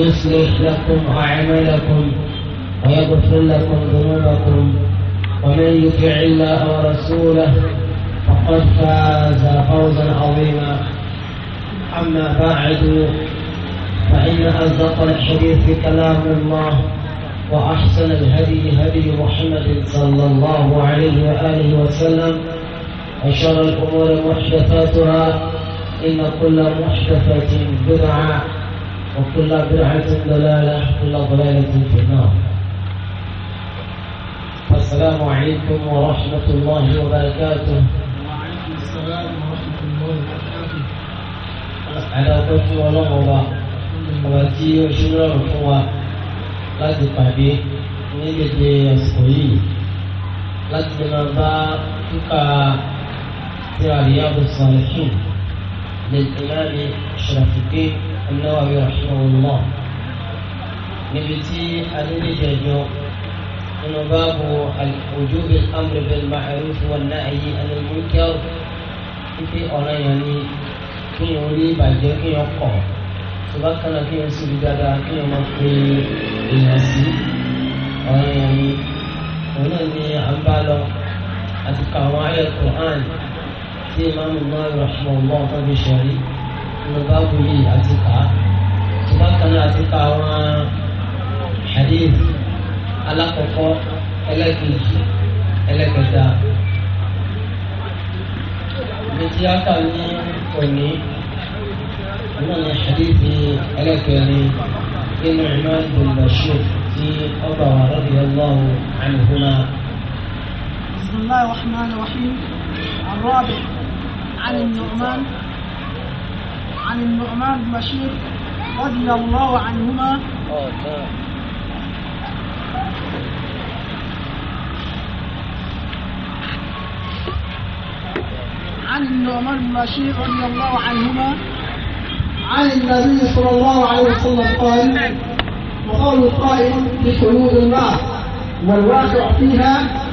يصلح لكم أعمالكم ويغفر لكم ذنوبكم ومن يطع الله ورسوله فقد فاز فوزا عظيما أما بعد فإن أصدق الحديث كلام الله وأحسن الهدي هدي محمد صلى الله عليه وآله وسلم وشر الأمور محدثاتها إن كل محدثة بدعة وكل بدعة ضلالة وكل ضلالة في النار السلام عليكم ورحمة الله وبركاته وعليكم السلام ورحمة الله وبركاته على قدر ولغبة وبركي وشرر هو láti pàdé ní dédé àsìkò yìí láti lè máa bá kíkà tí النووي رحمه الله نبتي أدلة اليوم إنه باب وجوب الأمر بالمعروف والنهي عن المنكر في ọ̀ràn yẹn ni kí n rí ìbàjẹ́ kí n kọ̀ tó bá kánà kí n sì rí dáadáa kí n máa pe èèyàn sí ọ̀ràn yẹn ni òun náà ni à ń bá lọ àti kàwọn ayẹ̀kọ̀ àn tí ìmáàmù náà rọ̀ ṣùgbọ́n ọ̀gbọ́n tó fi ṣẹ̀rí nínú báàbù yìí àti kà á ṣùgbọ́n kan náà àti kà àwọn hadith alákọ̀ọ́kọ́ ẹlẹ́kejì ẹlẹ́kẹta ìrètí aka ní òní náà ní hadith ẹlẹ́kẹrin nínú Nu'man bin Bashir tí ọba wa radiyallahu anhuma. بسم الله الرحمن الرحيم الرابع عن النعمان عن النعمان بن بشير رضي الله عنهما عن النعمان بن بشير رضي الله عنهما عن النبي صلى الله عليه وسلم قال وقول القائل بحدود النار والواقع فيها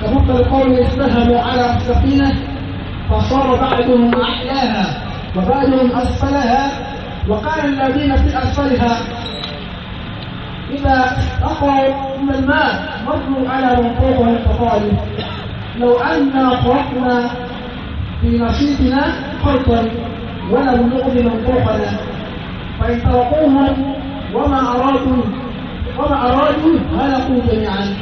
كمثل القول استهم على السفينه فصار بعدهم احياها وبعدهم أسفلها وقال الذين في أسفلها إذا أقعوا من الماء مروا على من فوقهم فقالوا لو أنا خرقنا في نشيطنا خلقا ولم نؤذ من فوقنا فإن تركوهم وما أرادوا وما أرادوا هلكوا جميعا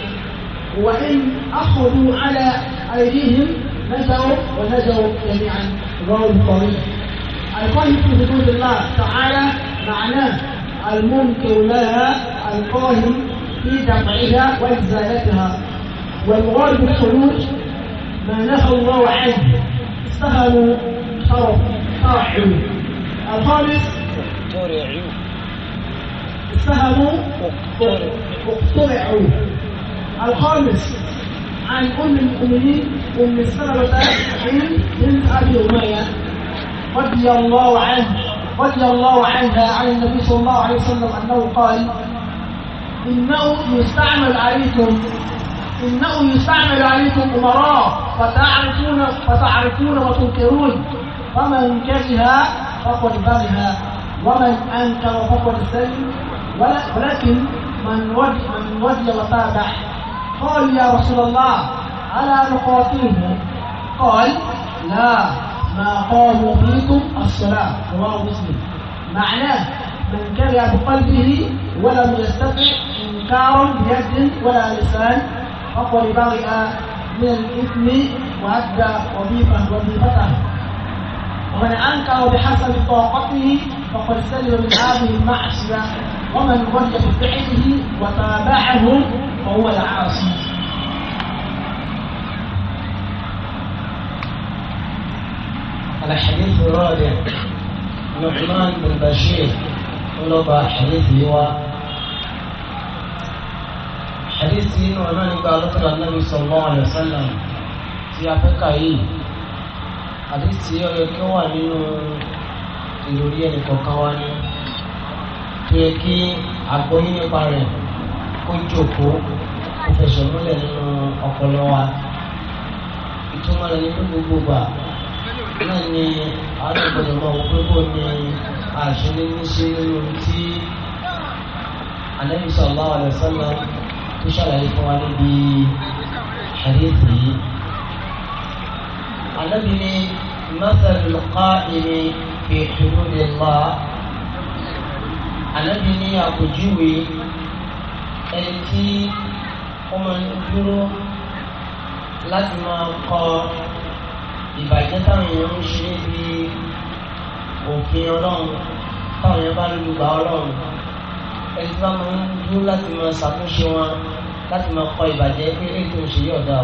وإن أخذوا على أيديهم نجوا ونجوا جميعا رواه البخاري القائم في حدود الله تعالى معناه المنكر لها القاهر في دفعها وإزالتها والمراد بالخروج ما نهى الله عنه سهلوا طرحوا الخامس استهلوا اقترعوا الخامس عن أم المؤمنين أم السلمة بنت أبي أمية رضي الله عنه رضي الله عنها عن النبي صلى الله عليه وسلم أنه قال إنه يستعمل عليكم إنه يستعمل عليكم أمراء فتعرفون فتعرفون وتنكرون فمن كره فقد برها ومن أنكر فقد سلم ولكن من ودي من ودي وتابع قال يا رسول الله ألا نقاتلهم قال لا ما قالوا فيكم الصلاة رواه مسلم معناه من كره بقلبه ولم يستطع إنكارا بيد ولا لسان فقد برئ من الإثم وأدى وظيفة وظيفته ومن أنكر بحسب طاقته فقد سلم من هذه المعصية ومن غلي بفعله وتابعه فهو العاصي الحديث الرابع نعمان بن بشير ولبا حديث هو حديث نعمان بن النبي صلى الله عليه وسلم في أفكاهي حديث يقول كوانين ìròrí ẹnì kọ̀ọ̀kan wa ni tó yẹ kí àgbọ́yé nípa rẹ̀ kó jòkó kó náà ni àádọ́gbọ̀dọ̀ máa wọ pé kó ní àṣírí níṣe nínú tí Ànábì sallallahu alaihi wasallam tó ṣàlàyé fún wa níbi àdéhùn yìí. Ànábì ni mathalul qa'imi fi hududillah Ànábì ni àpèjúwe ẹni tí ó máa dúró láti máa kọ́ ìbàjẹ́ táwọn èèyàn ń ṣe bí òfin ọlọ́run táwọn èèyàn bá lulú bá ọlọ́run ẹni bá máa ń dúró láti máa ṣàtúnṣe wọn láti máa kọ ìbàjẹ́ pé èyí tó ń ṣe yóò dá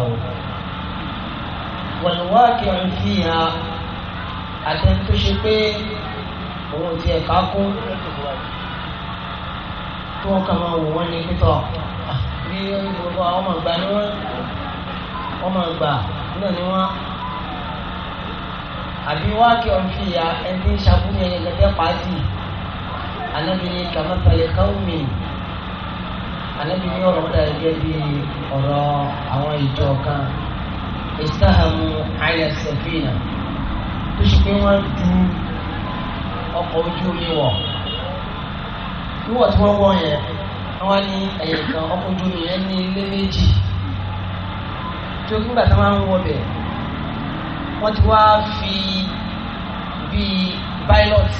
kí n fi hàn àtẹni tó ṣe pé òun ò tiẹ̀ ká kó wọ́n kà máa wò wọ́n ní pítọ̀ bí gbogbo àwọn ọmọ ìgbà ni wọ́n ọmọ ìgbà náà ni wọ́n àbí wá kí ọ̀n fi ya ẹni tí ń ṣàkóso ẹni lẹ́tẹ̀ pàṣẹ anábìrin kàmẹ́tàlẹ́ káwùmí anábìrin ọ̀rọ̀ dà gẹ́gẹ́ bí ọ̀rọ̀ àwọn ìjọ kan ìsáhàmù àyà sẹ̀fìnà tó ṣe pé wọ́n ju ọkọ̀ ojú omi wọ̀ wíwọ̀ tí wọ́n wọ̀ yẹn wọ́n ní ẹ̀yẹ̀ kan ọkọ̀ ojú omi yẹn ní ilé méjì tó nígbà tí wọ́n máa ń wọ̀ bẹ́ẹ̀ wọ́n ti wá fi bíi pilot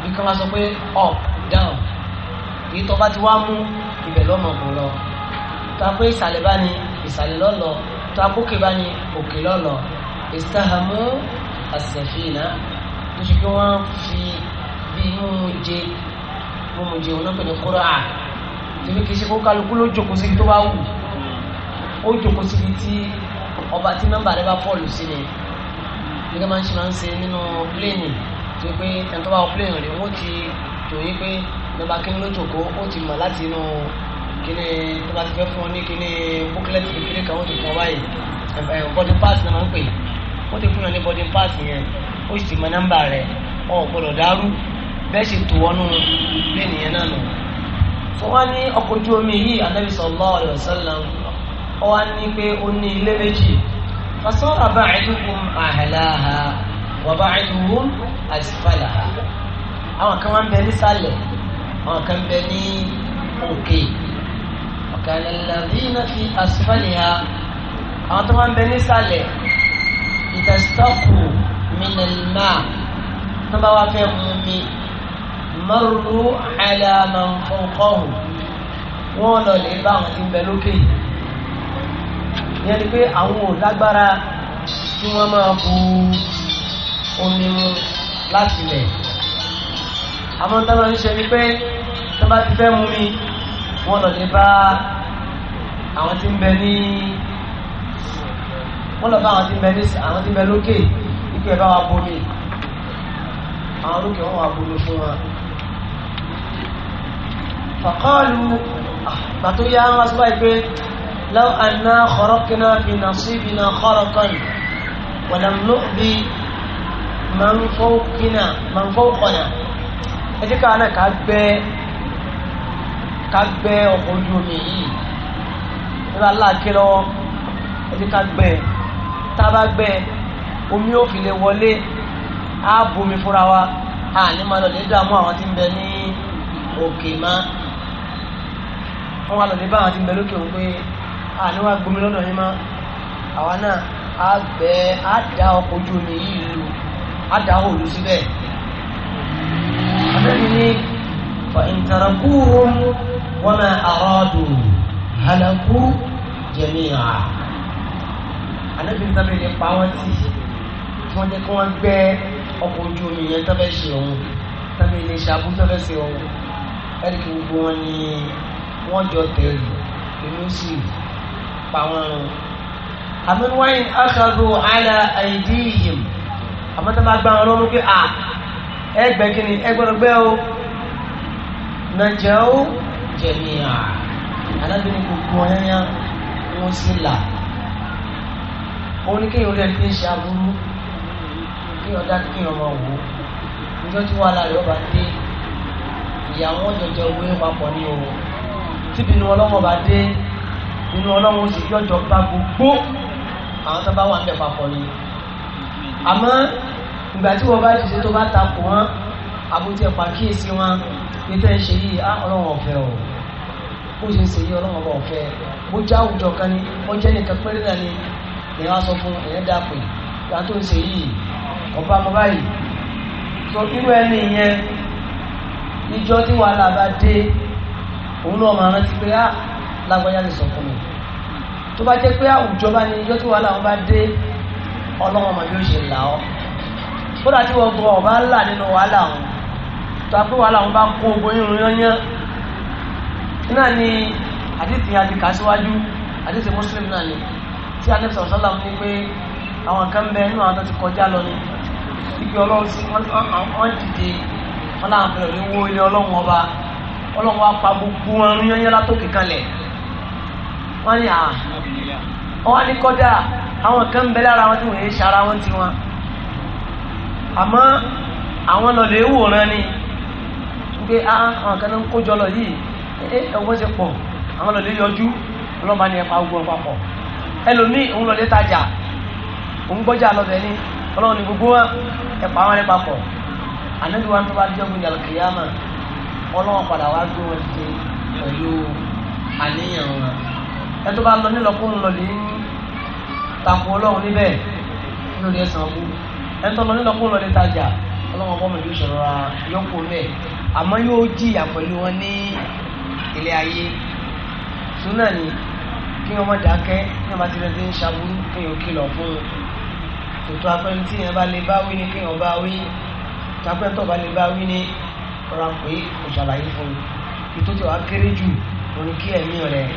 bí kan máa sọ pé up down èyí tó bá ti wá mú ibẹ̀ lọ́mọ kò lọ tó a pé ìsàlẹ̀ bá ní ìsàlẹ̀ lọ́lọ́ tó a kókè bá ní òkè lọ́lọ́ ìsàhámú àṣẹfìnà tó ṣe pé wọ́n fi bí múmuje múmuje wọn náà pè ní kúrò à tèmi kì í ṣe kó kálukú ló jókòó síbi tó bá wù ó jókòó síbi tí ọba tí mẹ́mbà rẹ bá fọ́ọ̀lù sí ni gẹ́gẹ́ máa ń ṣe máa ń ṣe nínú pléènì tó pé ẹni tó bá wọ pléènì rẹ̀ wọ́n ti tò yí pé nọmba kíní ló jòkó ó ti mọ̀ láti inú kíní tó bá ti fẹ́ fún ọ ní kíní búkúlẹ̀tì kékeré kan ó ti fún ọ báyìí body part náà máa ń pè ó ti fún ọ ní body part yẹn ó sì ti mọ nọ́mbà rẹ̀ ọ gbọ́dọ̀ dárú bẹ́ẹ̀ sì tò wọnú pléènì yẹn náà nù. sọ wá ní ọkọ̀ ojú omi yìí Ànábì sallallahu alaihi wasallam ọwọ́ ní pé ó ní ilé méjì fasọ́ra ba'duhum a'laha wa ba'duhum asfalaha àwọn kan wá ń bẹ nísàlẹ̀ àwọn kan ń bẹ ní òkè ọ̀kàlẹ̀ alladhina fi asfaliha àwọn tó wá ń bẹ nísàlẹ̀ ìtẹ̀sítọ́kù minal ma' tó bá wá fẹ́ mú mi marru ala man fawqahu wọ́n lọ lè bá àwọn tí ń bẹ lókè yìí ìyẹn ni pé àwọn ò lágbára tí wọ́n máa bu omi mu láti lẹ̀ àwọn tó máa ń ṣe ni pé tó bá ti fẹ́ mú mi wọ́n lọ lè bá àwọn tí ń bẹ ní wọ́n lọ bá àwọn tí ń bẹ ní àwọn tí ń bẹ lókè ipò ẹ̀ bá wa bomi àwọn lókè wọ́n wà bomi fún wa fàkọ́ọ̀lù àgbà yá wọn sọ báyìí pé. لو أنا خرقنا في نصيبنا خرقا ولم نؤذي من فوقنا من فوقنا ẹ jẹ́ ká náà ká gbẹ́ ká gbẹ́ ọkọ̀ ojú omi yìí ní bá láàkí lọ́wọ́ ẹ jẹ́ ká gbẹ́ tá a bá gbẹ́ omi ò fi lè wọlé á bomi fúnra wa á ní máa lọ lè dààmú àwọn tí ń bẹ ní òkè má wọn wá lọ lè bá àwọn tí ń bẹ lókè òun pé àníwá gbomi lọ́dọ̀ yín mọ́ àwa náà á bẹ á da ọkọ̀ ojú omi yìí lu á da òòlù síbẹ̀. àbẹ́bí ní fàìntàràkùrùn wọn máa àrọ́dù hàlàkù jẹ̀míà. àbẹ́bí ní sábẹ́ ní pa wọ́n tì kí wọ́n jẹ́ kí wọ́n gbẹ ọkọ̀ ojú omi yẹn tó fẹ́ ṣe òun sábẹ́ ní ṣàbù tó ṣe òun ẹ̀rí kí gbogbo wọn ni wọ́n jọ tẹ̀lé èmi pa wọ́n run àmín wáyìn aṣọ́dù àlà àìdíyìm àmọ́ tó bá gbá wọn lọ́rùn pé à ẹgbẹ́ kìíní ẹgbẹ́rún gbẹ́ o nàjẹ́ o jẹ̀mí à alábìnrin gbogbo ọ̀yányá wọ́n sì là òun ní kéèyàn rẹ̀ ti ń ṣe aburú kéèyàn dá kéèyàn máa wò ó tí wàhálà rẹ̀ ọba dé ìyàwó jọjọ wé papọ̀ ní o tíbi ni ọlọ́mọba dé inú ọlọ́run ó sì yọjọ́ bá gbogbo àwọn tó bá wà níbẹ̀ papọ̀ ni àmọ́ ìgbà tí wọ́n bá ti ṣe tó bá takò wọn àbótí ẹ̀pà kíyèsí wọn nítorí ẹ̀ ṣe yìí á ah, ọlọ́run ọ̀fẹ́ o bó ṣe ń ṣe yìí ọlọ́run ọba ọ̀fẹ́ bó já àwùjọ kan ni ó jẹ́ nìkan péré náà ni ìyẹn wá sọ fún ìyẹn dàpè ìyá tó ń ṣe yìí ọba ọmọ báyìí sọ irú ẹni yẹn ìjọ tí wàhálà bá dé òun náà máa rántí pé á ah, lágbájá lè sọ fún mi tó bá jẹ́ pé àwùjọ bá ní ijó tí wàhálà wọn bá dé ọlọ́wọ́n mọ̀ yóò ṣe là ọ́ kódà tí wọ́n gbọ́ ọ̀bá ńlá nínú wàhálà wọn tó pé wàhálà wọn bá kó ogun irun yányán náà ni àdìsí àti kàṣíwájú àdìsí muslim náà ni tí adébí sọ̀rọ̀ sọ́lá ní pé àwọn kan bẹ inú àwọn tó ti kọjá lọ ni ibi ọlọ́run sí wọ́n dìde wọ́n láwọn fẹ́rẹ̀ ní wó ilé ọlọ́run ọba ọlọ́run wa pa gbogbo wọn yányán látòkè kalẹ̀ wọ́n ní à ah, wọ́n ní kọ́dà àwọn kan ń bẹ wọn tí wọ́n yé ṣara wọn ti wọn àmọ́ àwọn lọ́lẹ̀ wòran ni pé ah, àwọn kan ń kójọ lọ yìí ẹ̀wọ́n eh, eh, ṣe pọ̀ àwọn lọ́lẹ̀ yọjú ọlọ́mọ ni ẹ̀pà ogun ọ̀pápọ̀ àníyàn wọn ẹ tó bá lọ nílọkùnrin lọ lè ń takò ọlọ́run níbẹ̀ lórí ẹ̀sán ọ̀gbù ẹ tó lọ nílọkùnrin lọ lè tajà ọlọ́run ọgbọ́n mi yóò sọ̀rọ̀ ra yọkù mẹ́ àmọ́ yóò jìyà pẹ̀lú wọn ní ilé ayé súnà ni kí wọ́n má dákẹ́ kí wọ́n bá ti rẹ̀ ti ń ṣàbùrú kí wọ́n kìlọ̀ fún un tòtò apẹ́ni tí yẹn bá lè bá wí ni kí wọ́n bá wí tapẹ́ntọ́ bá lè bá wí ni rọra pé kò ṣàlàyé fún un ètò tí wàá kéré jù òun kí ẹ̀mí rẹ̀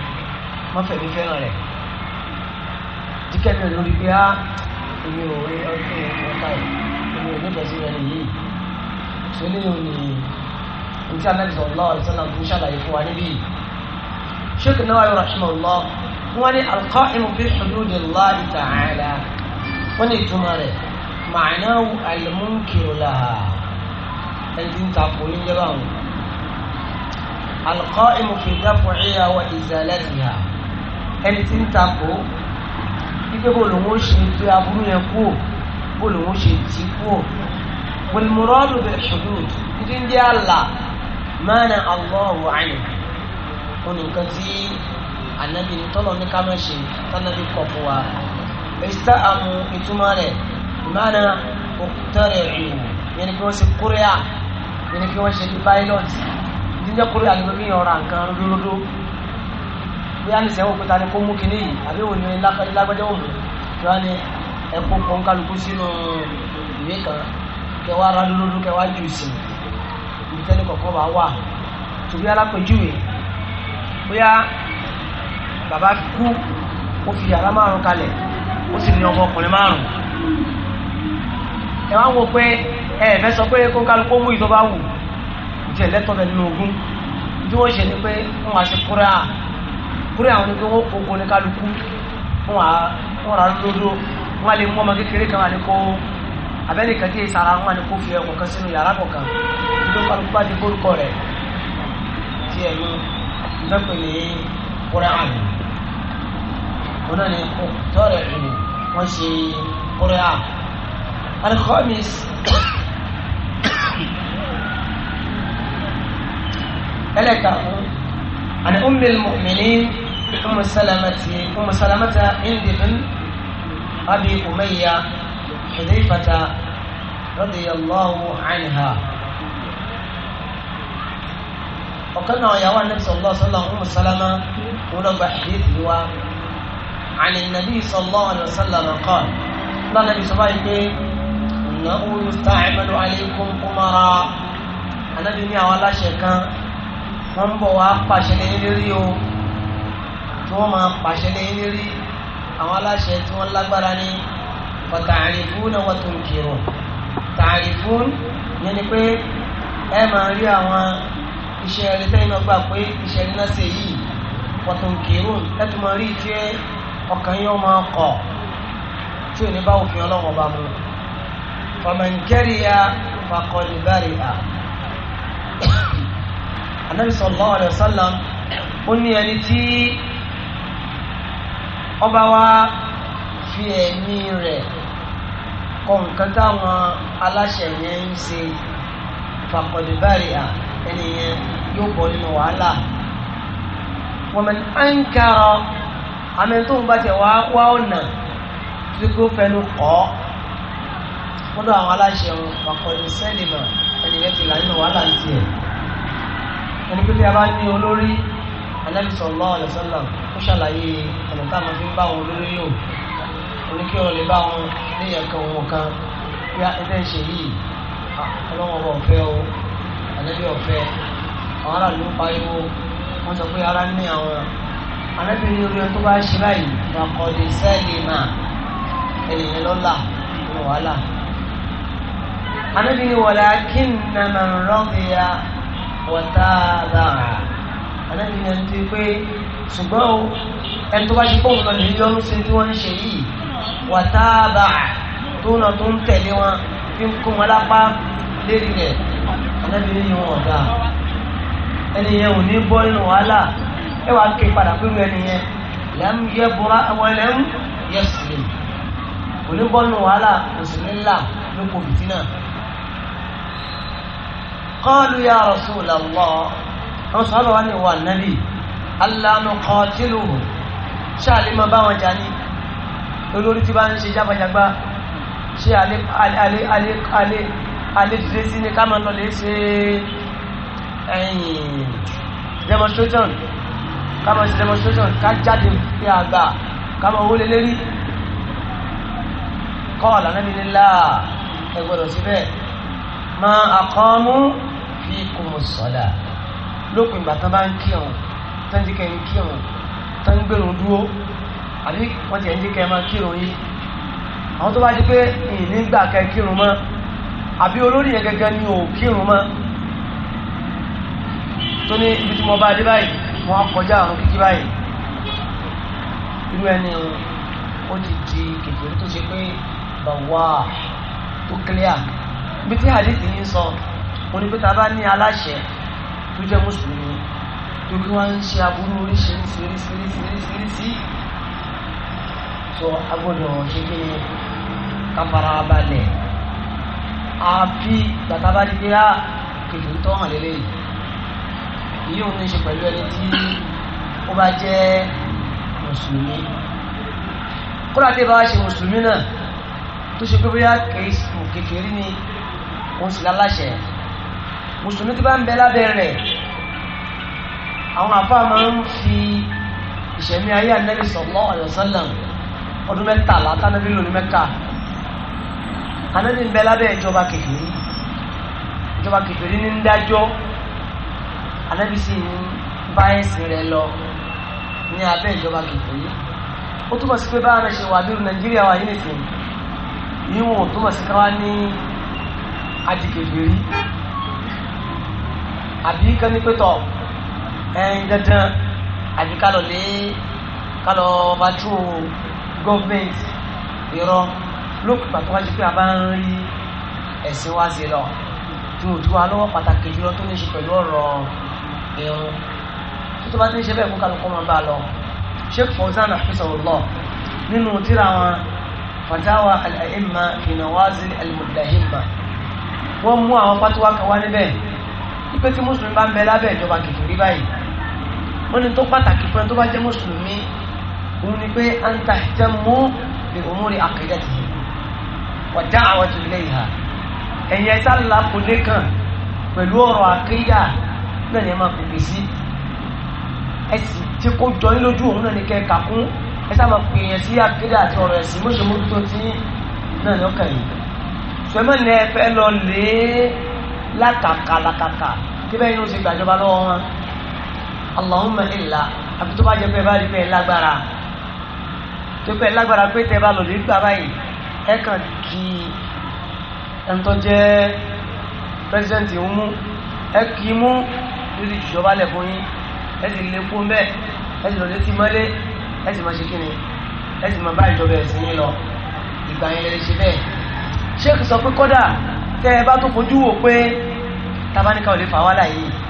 má fẹ̀mí fẹ́ràn rẹ̀ tíkẹ́tì lórí pé á èmi ò rí ọdún ọ̀tá yìí èmi ò nífẹ̀ẹ́ sí ẹni yìí tó léyìn ní ní tí anábì sallallahu alaihi wasallam tó ṣàlàyé fún wa níbí Sheikh Nawawi rahimahullah wọ́n ní alqa'imu fi hududillah ta'ala wọ́n ní ìtumọ̀ rẹ̀ ma'nahu al-munkiru laha ẹni tí ń takò ní jẹ́ báwọn alqa'imu fi daf'iha wa izalatiha. ẹni tí ń takò wípé bó lòun ó ṣe gbé aburú yẹn kú bó lòun ó ṣe tì kú wòlùmùrọ́dù bẹ̀rẹ̀ ṣòdù títí ń jẹ́ àlà mẹ́rin Allahu àyè onìkan tí ànábì tọ́lọ̀ ní ká má ṣe tánàbì kọ̀ fún wa ìṣá àmú ìtumọ̀ rẹ̀ mẹ́rin òkúta rẹ̀ rù yẹn ni kí wọ́n ṣe kúrẹ́à yẹn ni kí wọ́n ṣe pilot ìdíjẹ́ kúrẹ́à ni wọ́n fi yàn bí a ní sẹ́wọ̀n pé ta ni kó mú kinní yìí àbí òun ni lágbájá òun tí wọ́n ní ẹ̀kọ́ pọ́nkálukú sínú ìwé kan kẹwàá rádúlódú kẹwàá ju ìsìn ibi tẹ́lẹ̀ kọ̀ọ̀kan bá wà tòbí alápèjúwe bóyá bàbá kú ó fi yàrá márùn kalẹ̀ ó sì ní ọmọ ọkùnrin márùn ẹ wá ń wo pé ẹ ẹ̀fẹ́ sọ pé kó mú ìtọ́ wù jẹ́ bẹ̀ nínú ogún bí wọ́n ṣe ni pé wọ́n á ṣe kúrẹ́ torí àwọn oníkẹ́ wọn kó kó ní kálukú fún wa wọn rà lódò wọn lè mú ọmọ kékeré kan wà ní kó abẹ́lé kan tí èyí sara wọn ni kó fi ẹ̀kọ́ kan sínú yàrá kọ̀ọ̀kan tó kálukú bá di kórìkọ rẹ̀ tí ẹ̀yìn ìgbẹ́pẹ̀ ní kúrẹ́ àmì wọn náà ní tọ́rẹ̀ ìlú wọ́n ṣe kúrẹ́ àmì. alkhamis ẹlẹ́ka fún àni ummil mu'minin. أم سلمة أم سلمة عند بن أبي أمية حذيفة رضي الله عنها وكان يا النبي صلى الله عليه وسلم أم سلمة ونبع حديث عن النبي صلى الله عليه وسلم قال لا النبي صلى الله عليه وسلم إنه يستعمل عليكم أمراء النبي نعوى لا شيء كان wọ́n ń bọ̀ wá pàṣẹ lórí o tí wọ́n máa pàṣẹ lẹ́yìn lérí àwọn aláṣẹ tí wọ́n lágbára ní ọ̀tàrífún àwọn tó ń kírun tàrífún ní ni pé ẹ máa rí àwọn iṣẹ́ ẹni tẹ́yìn náà gbà pé iṣẹ́ ẹni náà ṣe yìí wọ́n tó ń kírun ẹ tó máa rí ìfẹ́ ọkàn yóò máa kọ̀ tí ò ní bá òfin ọlọ́wọ́n bá mu fọmọnkẹ́rìyà fakọlìbárìyà anabi sallallahu alaihi ó ní ẹni tí ọba wa fi ẹ̀mí rẹ̀ kọ nǹkan táwọn aláṣẹ yẹn ń ṣe fàkọ̀dùbárì à ẹni yẹn yóò bọ̀ nínú wàhálà wọ́n mẹ́ni à ń kárọ̀ àmì tó ń bá tẹ̀ wá wá ọ̀nà tí kò fẹ́nu kọ́ kódà àwọn aláṣẹ wọn fàkọ̀dù sẹ́lìmà ẹni yẹn ti là nínú wàhálà ń tiẹ̀ ẹni pípẹ́ abá ní olórí anábìsọ̀ lọ́wọ́ àlẹ́sọ́lá ó ṣàlàyé táwọn fi ń bá wọn lórí lò oníkí wọn lè bá wọn léyìn kan wọn kan bí ẹgbẹ́ ń ṣe yìí ọlọ́wọ́n bọ̀ ọ̀fẹ́ o ànábì ọ̀fẹ́ àwọn aráàlú ń pariwo wọ́n sọ pé ara ní àwọn ànábì ní orí ẹni tó bá ṣe báyìí bàkọ́dé sẹ́ẹ̀lì máa ẹnìyẹn lọ́la ní wàhálà. ànábì ní wọlé akínà máa ń rọ́ọ̀bìyà wọ́tá dára ànábì ní ẹni tó pé ṣùgbọ́n o ẹni tó bá ṣe pọ́ùn kan nìyí yọnu sí tí wọ́n ń ṣe yìí wàtáàbà tó nà tó ń tẹ̀lé wọn fi ń kó wọn lápá lérí rẹ̀ ọ̀nàbí ni wọn ọ̀gá ẹni yẹn ò ní bọ́ nínú wàhálà ẹ wàá ké padà pé wẹ́n nìyẹn lẹ́m yẹ bọ́ra àwọn ẹlẹ́m yẹ sílẹ̀ kò ní bọ́ nínú wàhálà kò sì ní là ló kò bìtì náà. qalu ya rasulallah àwọn sọ̀rọ̀ wa ni wà nábì alánú kọ́ tìlù hù ṣáàlè máa bá wọn jà ní olórí tí bá ń ṣe jágbàjàgbà ṣe alẹ́ dìde sí ní ká máa lọ lè ṣe ẹ̀yìn demonstration ká máa ṣe demonstration ká jáde pé àgbà ká máa wọlé lérí kọ́ àlànàbí nílá ẹgbọ́dọ̀ síbẹ̀ ma àkọ́mú fi kùmù sọ́dà lópin ìgbà tán bá ń kírun tán jí kẹ́ ń kírun tó ń gbèrò dúró àbí wọ́n ti ẹ̀ ń jẹ́ kẹ́ máa kírun yìí àwọn tó bá di pé ìní gbà kẹ́ kírun mọ́ àbí olórí yẹn gẹ́gẹ́ ni ò kírun mọ́ tó ní ibi tí mo bá dé báyìí mo á kọjá àrùn kíkí báyìí irú ẹni ó ti di kékeré tó ṣe pé bàwá tó clear ibi tí hadith yìí sọ mo ní pé ta bá ní aláṣẹ tó jẹ́ mùsùlùmí tó kí wọ́n ń ṣe aburú oríṣiríṣiríṣiríṣiríṣi tó agbọ́dọ̀ ṣe kí ni kápára balẹ̀ àbí bàtà bá di pé á ah, kejì tó hàn lélẹ́yìí èyí òun ní ṣe pẹ̀lú ẹni tí ó bá jẹ́ mùsùlùmí kódà tí ìbá ṣe mùsùlùmí náà tó ṣe pé bóyá kékeré ni òun sì láláṣẹ mùsùlùmí tí bá ń bẹ lábẹ́ rẹ̀ àwọn àfá máa ń fi ìṣẹ̀mí ayé ànábì sallallahu alaihi wasallam ọdún mẹ́tàlá tánàbí lò ní mẹ́kà ànábì ń bẹ lábẹ́ ìjọba kékeré ìjọba kékeré ní ń dájọ́ ànábì sì ń bá ẹ̀sìn rẹ̀ lọ ní abẹ́ ìjọba kékeré ó túmọ̀ sí pé báwọn ẹ̀ṣẹ̀ wà nínú nàìjíríà wà yìí nìsín níwọ̀n tó mọ̀ sí káwá ní adìkèbèrè àbí kan ní pẹ́tọ̀ ẹyin dandan àti kálọ̀ lé kálọ̀ bàtú gọ́ọ̀mẹ̀ntì irọ́ lókùpà tó wájú pé a bá ń rí ẹ̀sìn wá sí lọ tó o tó wa lọ́wọ́ pàtàkì jùlọ tó ní ṣe pẹ̀lú ọ̀rọ̀ irun tó tó bá ti ń ṣe bẹ́ẹ̀ kó kálukọ́ máa bá a lọ sheikh fawzan hafizahullah nínú tíra wọn fatawa al-a'imma fi nawazil al-mudahimma wọ́n mú àwọn pátáwá kan wá níbẹ̀ ipe tí mùsùlùmí bá ń bẹ lábẹ́ ìjọba kìkìrí báyìí wọ́n ní tó pàtàkì fún ẹ tó bá jẹ́ mùsùlùmí òun ni pé à ń ta ìjẹ́ mú ní òmùrí àkìdàtì wa da'watu ilayha ẹ̀yẹ tá lápòlé kan pẹ̀lú ọ̀rọ̀ àkìdà náà ni ẹ máa pèpè sí ẹ sì tí kó jọ yín lójú òun náà ni kẹ́ ẹ kà kún ẹ sábà pè yẹn sí àkìdà àti ọ̀rọ̀ ẹ̀sìn mọ́ṣẹ́mọ́tò tí náà ni ọkàn yìí sọmọ ní ẹ fẹ́ lọ lé lákàkà lákàkà tí bẹ́ẹ̀ ni ti gbàjọba lọ́wọ́ wọn. Allahumma illa àbí tó bá jẹ́ pé ẹ bá rí pé ẹ lágbára tó pé ẹ lágbára pé tẹ bá lò lè gbà báyìí ẹ kàn kí ẹni tó jẹ́ pẹ́sidẹ́ǹtì ń mú ẹ kì í mú lórí ìjọba lẹ̀ fún yín ẹ sì lè kún bẹ́ẹ̀ ẹ sì lọ létí mọ́lé ẹ sì máa ṣe kíni ẹ sì máa bá ìjọba ẹ̀sìn yín lọ ìgbà yẹn lè ṣe bẹ́ẹ̀ sheikh sọ pé kódà tẹ ẹ bá tó fojú wò pé tabaníkà ò lè fà wá láyé yìí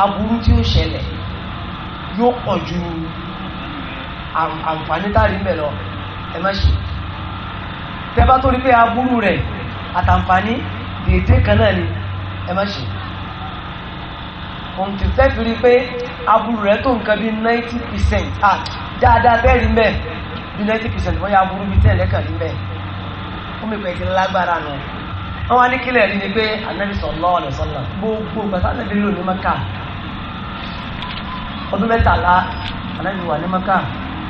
aburú tí ó ṣẹlẹ̀ yóò pọ̀ ju àǹfààní táàrí ń bẹ̀ lọ ẹ má ṣe tẹ bá tó rí pé aburú rẹ̀ àtàǹfààní dèédé kan náà ni ẹ má ṣe òun ti fẹ́ fi rí pé aburú rẹ̀ tó nǹkan bí ninety percent ah dáadáa bẹ́ẹ̀ rí mẹ́ẹ̀ bí ninety percent wọ́n yà aburú bíi tẹ́lẹ̀ kan rí mẹ́ẹ̀ ó mi pẹ̀ ti lágbára nù wọ́n wá ní kílẹ̀ rí ni pé anabi sallallahu alaihi wasallam gbogbo gbàtà anabi lónìí mẹ́ka ọdún mẹ́tàlá aláìní wà ní maka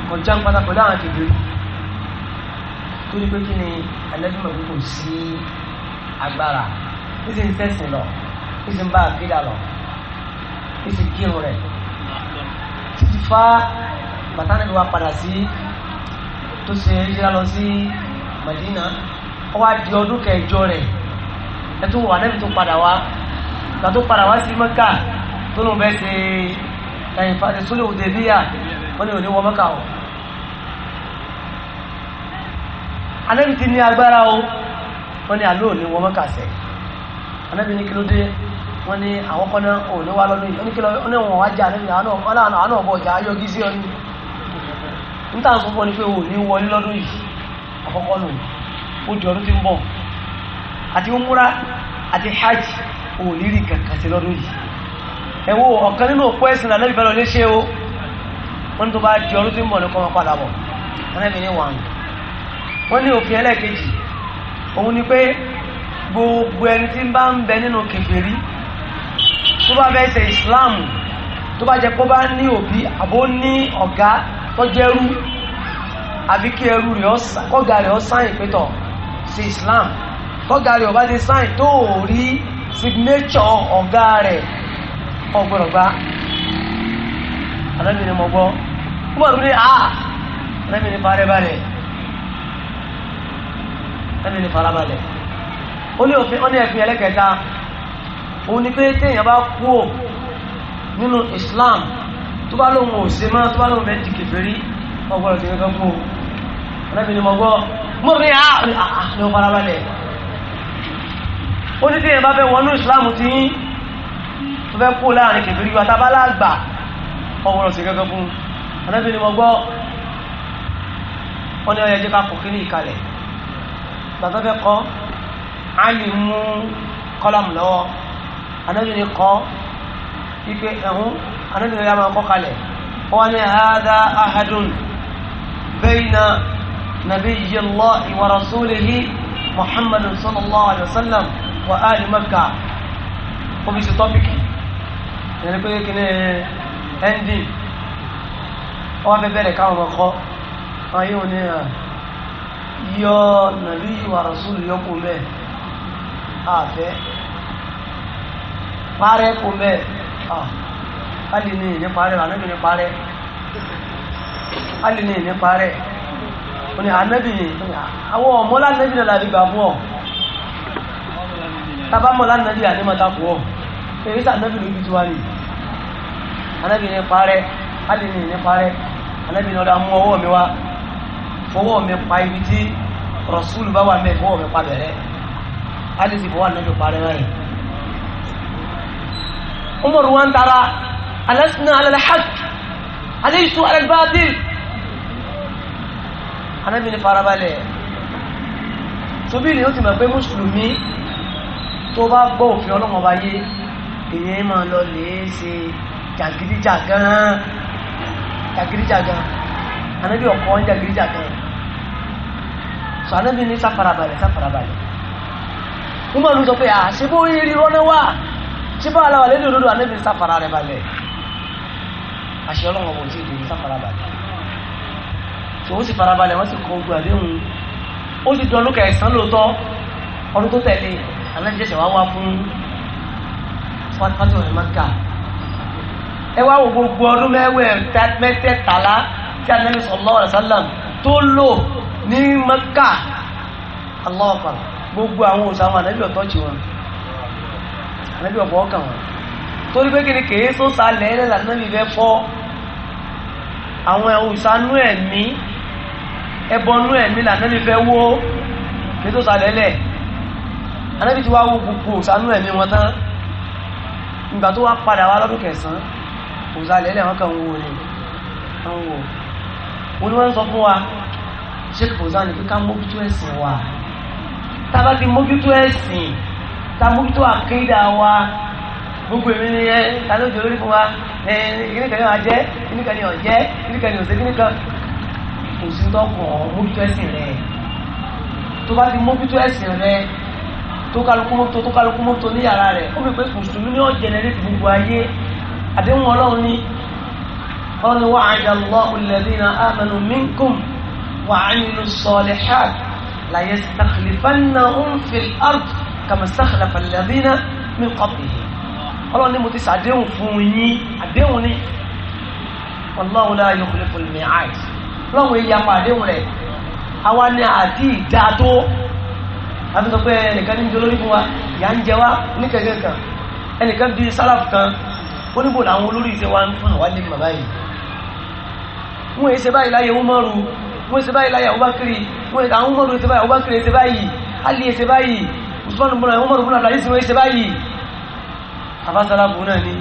kọjá ń pátá pẹ̀lú àwọn àtẹ̀gbẹ́ tó ní pé kí ni ẹlẹ́dùnmọ̀ pé kò sí agbára níṣì ń tẹ̀sìn lọ níṣì ń bá àkídà lọ níṣì kírun rẹ̀ títí fá bàtà níbi wa padà sí tó ṣe yíra lọ sí Madina ó wá di ọdún kẹjọ rẹ̀ ẹ tó wà nẹ́bi tó padà wá gbà tó padà wá sí maka tó lóun bẹ́ẹ̀ ṣe. ẹ̀yìn fàdé súnlẹ̀ òde bí yà wọ́n ní òní wọ́n ti ní agbára o wọ́n ní àlọ́ òní wọ́n mọ́kà sẹ̀ anábì ní kílódé wọ́n wa àwọn kọ́nà òní wà lọ́dún yìí wọ́n ní wọ́n wá jà anábì àwọn ọ̀bọ̀ ọjà ayọ́gí sí ọ́nì níta sọ fún ọ ní pé umura ati hajj kankan ẹ̀wọ́ ọ̀kan nínú òpó ẹ̀sìn náà lẹ́bí bẹ́ẹ̀ lọ léṣe o wọ́n tó bá di ọdún tí ń bọ̀ ní kọ́mọ padà bọ̀ ẹlẹ́bí ní wàhùn wọ́n ní òfin ẹlẹ́ẹ̀kejì òun ni pé gbogbo ẹni tí ń bá ń bẹ nínú kèfèrí tó bá fẹ́ ṣe tó bá jẹ kó bá ní òbí àbó ní ọ̀gá tó jẹ́rú àbí kí ẹrú rẹ̀ kọ́gà rẹ̀ sáyìn pétọ̀ sí ìsìláàmù kọ́gà rẹ̀ ọ̀bá ti sáyìn tó rí signature ọ̀gá rẹ̀ ọgbọ̀rọ̀ gbá anábì ni mo gbọ́ púpọ̀ tó ní à anábì ni farabalẹ̀ anábì ni farabalẹ̀ ó ní òfin ó ní ẹ̀fin ẹlẹ́kẹta òun ni pé téèyàn bá kú ò nínú Islam tó bá lóun ò ṣe mọ́ tó bá lóun bẹ́ẹ̀ di kèfèrí ọgbọ̀rọ̀ tó yẹ kán kú anábì ni mo gbọ́ mo ní à ní ó farabalẹ̀ ó ní téèyàn bá fẹ́ wọnú Islam ti yín tó fẹ́ kó láàrin kèfèrí wa tá a bá láàgbà ọwọ́rọ̀ sí gẹ́gẹ́ fún anábì ni mo gbọ́ wọ́n ní ọyọ jẹ́ ká kọ̀ kí ní ìkalẹ̀ gbàtọ́ fẹ́ kọ́ Àlì mú kọ́lámù lọ́wọ́ anábì ni kọ́ ipe ẹ̀hún anábì ni yàrá kọ́ kalẹ̀ wọ́n ní hada ahadun bayna nabiyyillahi wa rasulihi muhammadu sallallahu alayhi wa sallam wa ali makkah ó fi ṣe tọ́pìkì ẹni pé kíní ẹndì ọwọ́ fẹ́ bẹ̀rẹ̀ káwọn ọmọ kọ́ wọn yóò ní ah, yọ nàbí ìwà rasúlù yọkù mẹ́ àfẹ́ parẹ́ kù mẹ́ alì ní ìní parẹ́ ànábì ní parẹ́ alì ní ìní parẹ́ òní ànábì ní àwọn ọmọlá ànábì náà làbí gbà fún ọ tábàmọlá ànábì ànímọ́ta kù ọ èyí sànábì lójú tiwa nìyí anábì ní parẹ́ alìní ní parẹ́ anábì ní ọ̀dà mú ọwọ́ mi wá fọwọ́ mi pa ibi tí rọ̀súlù bá wà mẹ́ẹ̀ fọwọ́ mi pa bẹ̀rẹ̀ alìsì fọwọ́ anábì parẹ́ báyìí. Umar wa ń tara alasna alalhaq alaysu alalbatil anábì ní farabalẹ̀ o ni ó ti mọ̀ pé mùsùlùmí tó bá gbọ́ òfin ọlọ́mọba yé èyí máa lọ lè é ṣe jàgídíjàgan jàgídíjàgan anábì ọkọ wọn jàgídíjàgan So anábì ní sáfarabalẹ̀ sáfarabalẹ̀ umaru sọ pé àṣebó rí rọ́nà wá ṣíbá aláwà lẹ́nu òdodo anábì sáfara rẹ̀ balẹ̀ àṣẹ ọlọ́run kò sí ìdè sáfarabalẹ̀ tí wọ́n sì farabalẹ̀ wọ́n sì kọ ogun àdéhùn ó sì dún ọdún kẹsàn-án lóòótọ́ ọdún tó tẹ̀lé anábì ṣẹ̀ṣẹ̀ wá wá fún fatiwa ní maka ẹ wá wo gbogbo ọdún mẹ́wẹ̀ẹ́ mẹ́tẹ̀ẹ̀tàlá tí Ànábì sallallahu alaihi wasallam tó lò ní Mẹ́kà aláwọ̀pá gbogbo àwọn òṣà wọn ànábì ọ̀tọ́ jì wọn ànábì ọ̀pọ̀ ọkàn wọn torí pé kìnnì kìí tó ta lẹ́ẹ̀lẹ́ lànàbì fẹ́ fọ́ àwọn òṣànú ẹ̀mí ẹbọnú ẹ̀mí lànàbì fẹ́ wó kìí tó ta lẹ́ẹ̀lẹ́ ànábì ti wá wo gbogbo òṣànú ẹ̀mí wọn tán ìgbà tó wá padà wá lọ́dún kẹsàn-án kò sálẹ̀ ẹ̀lẹ́ wọn kàn ń wò ni wọn wò wọn ni wọn ń sọ fún wa sheikh fozan ni pé ká mójútó ẹ̀sìn wa tá a bá ti mójútó ẹ̀sìn tá a mójútó àkéèdà wa gbogbo èmi ni ẹ ta ló jẹ lórí fún wa ẹ kíníkan ni wàá jẹ kíníkan ni ọ̀jẹ́ kíníkan ni òsè kíníkan kò sí tọkàn mójútó ẹ̀sìn rẹ tó bá ti mójútó ẹ̀sìn rẹ tó kálukú mọ́tò tó kálukú mọ́tò ní yàrá rẹ̀ ó fi pé kùsùn ní ọ̀jẹ̀ nẹ́rẹ́ gbogbo ayé àdéhùn ọlọ́run ní ọlọ́run ní wa'ada Allahu alladhina amanu minkum wa 'amilu salihat la yastakhlifannahum fil ard kama stakhlafa alladhina min qablihim ọlọ́run ní mo ti sàdéhùn fún yín àdéhùn ní wallahu la yukhliful mi'ad ọlọ́run èyí apá àdéhùn rẹ̀ àwa ni àti ìdá tó sọ pé ẹnìkan ní jolórí fún wa ìyá ń jẹ wá oníkẹ̀kẹ́ kan ẹnìkan bíi sálàfù kan ó níbò làwọn olórí ìṣe wa ń fún wa lè mọ̀ báyìí wọ́n èé ṣe báyìí láyé Umaru wọ́n èé ṣe báyìí láyé Abubakari wọ́n èé àwọn Umaru èé ṣe báyìí Abubakari èé ṣe báyìí Ali èé ṣe báyìí Usman bọ́nà Umaru bọ́nà Abdulaziz wọ́n náà ni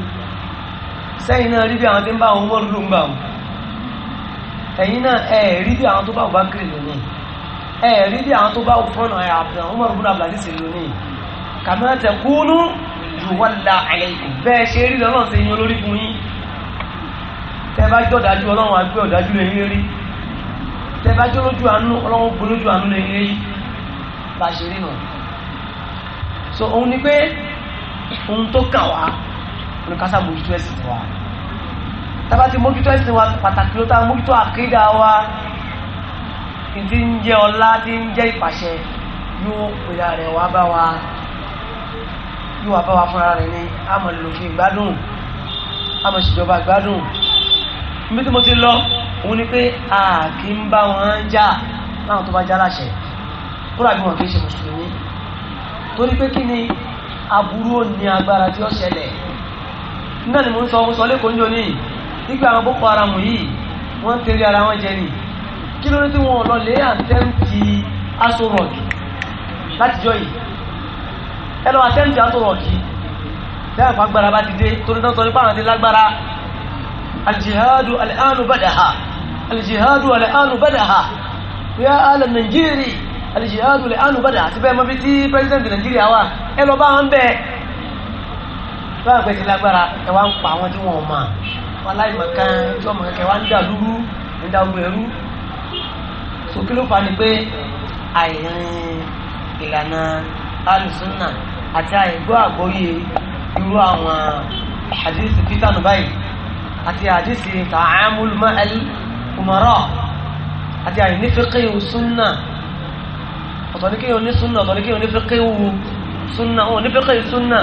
sẹ́yìn náà rí bí àwọn tí ń bá àwọn Umaru ló ń bá wọn ẹ̀yìn bí àwọn tó bá Abubakari ẹ̀ rí bí àwọn tó bá lónìí kàmẹ́tẹ̀ kúnú yuwalla alaykum bẹ́ẹ̀ ṣe rí lọ́lọ́run ṣe yín olórí fún yín tẹ́ bá jọ dájú ọlọ́run àgbẹ ọ̀dájú lẹ́yìn rí tẹ́ bá jọ lójú àánú ọlọ́run gbó lójú àánú lẹ́yìn rí bá ṣe rí nù. so òun ni pé ohun tó kàn wá ní kásá mójútó ẹ̀sìn wa tábà ti mójútó ẹ̀sìn wa pàtàkì ló tá a mójútó àkídà wa ti ń jẹ́ ọlá ti ń jẹ́ ìpàṣẹ yóò pèlà rẹ̀ bá wa yóò wá bá wa fúnra rẹ̀ ní amọ̀lòfin gbádùn amọ̀ṣèjọba gbádùn níbi tí mo ti lọ òun ni pé a kì í bá wọn jà láwọn tó bá já láṣẹ kúrò àbí wọn kì í ṣe mùsùlùmí torí pé kí ni aburú ní agbára tí ó ṣẹlẹ̀ nígbà ni mo ń sọ mo sọ lẹ́kọ̀ọ́ níjọ ní nígbà àwọn boko haram yìí wọ́n ń ara wọn jẹ ni kí ló dé tí wọn lọ lé àtẹ́ǹtì aṣọ rọ̀dù látijọ́ yìí ẹ lọ àtẹ́ǹtì àtọ̀rọ̀ kì í dáhùn fún agbára bá ti dé torí náà sọ nípa àwọn ti lágbára aljihadu al'anu badaha aljihadu al'anu badaha ya ala nàìjírí aljihadu al'anu badaha ti bẹ́ẹ̀ mọ́bí tí pẹ́sidẹ̀ntì nàìjíríà wà ẹ lọ bá wọn bẹ́ẹ̀ bá àgbẹ̀ ti lágbára ẹ wá ń pa àwọn tí wọn ò mà wọn láì mọ̀ kan tí wọn mọ̀ kẹ́kẹ́ wá ń ìlànà alùsùn náà àti àìgbọ́ àgbọ́yé irú àwọn hadith peter nubai àti hadith ta'amul ma'al umara àti àìnífẹ́kẹ́ sunna ọ̀tọ̀níkẹ́ oní sunna ọ̀tọ̀níkẹ́ onífẹ́kẹ́ sunna onífẹ́kẹ́ sunna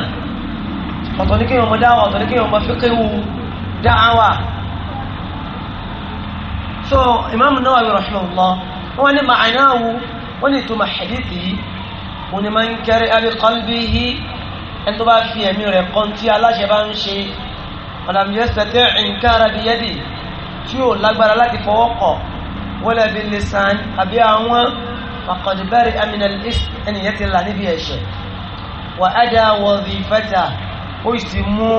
ọ̀tọ̀níkẹ́ ọmọ dáwà ọ̀tọ̀níkẹ́ ọmọ fẹ́kẹ́ dáwà so imam Nawawi rahimahullah wọ́n ní ma'anáwó wọ́n ní ìtumọ̀ hadith yìí mo ní máa ń kẹ́rẹ́ abiqalbihi ẹni tó bá fi ẹ̀mí rẹ̀ kan tí aláṣẹ bá ń ṣe ọ̀làmì ẹsẹ̀ tẹ́ inkara biyadi tí ò lágbára láti fọwọ́ kọ̀ wala bil lisan àbí àwọn faqad bari'a minal ism ẹnìyẹn ti là níbi ẹ̀ṣẹ̀ wà á dá wazifata ó sì mú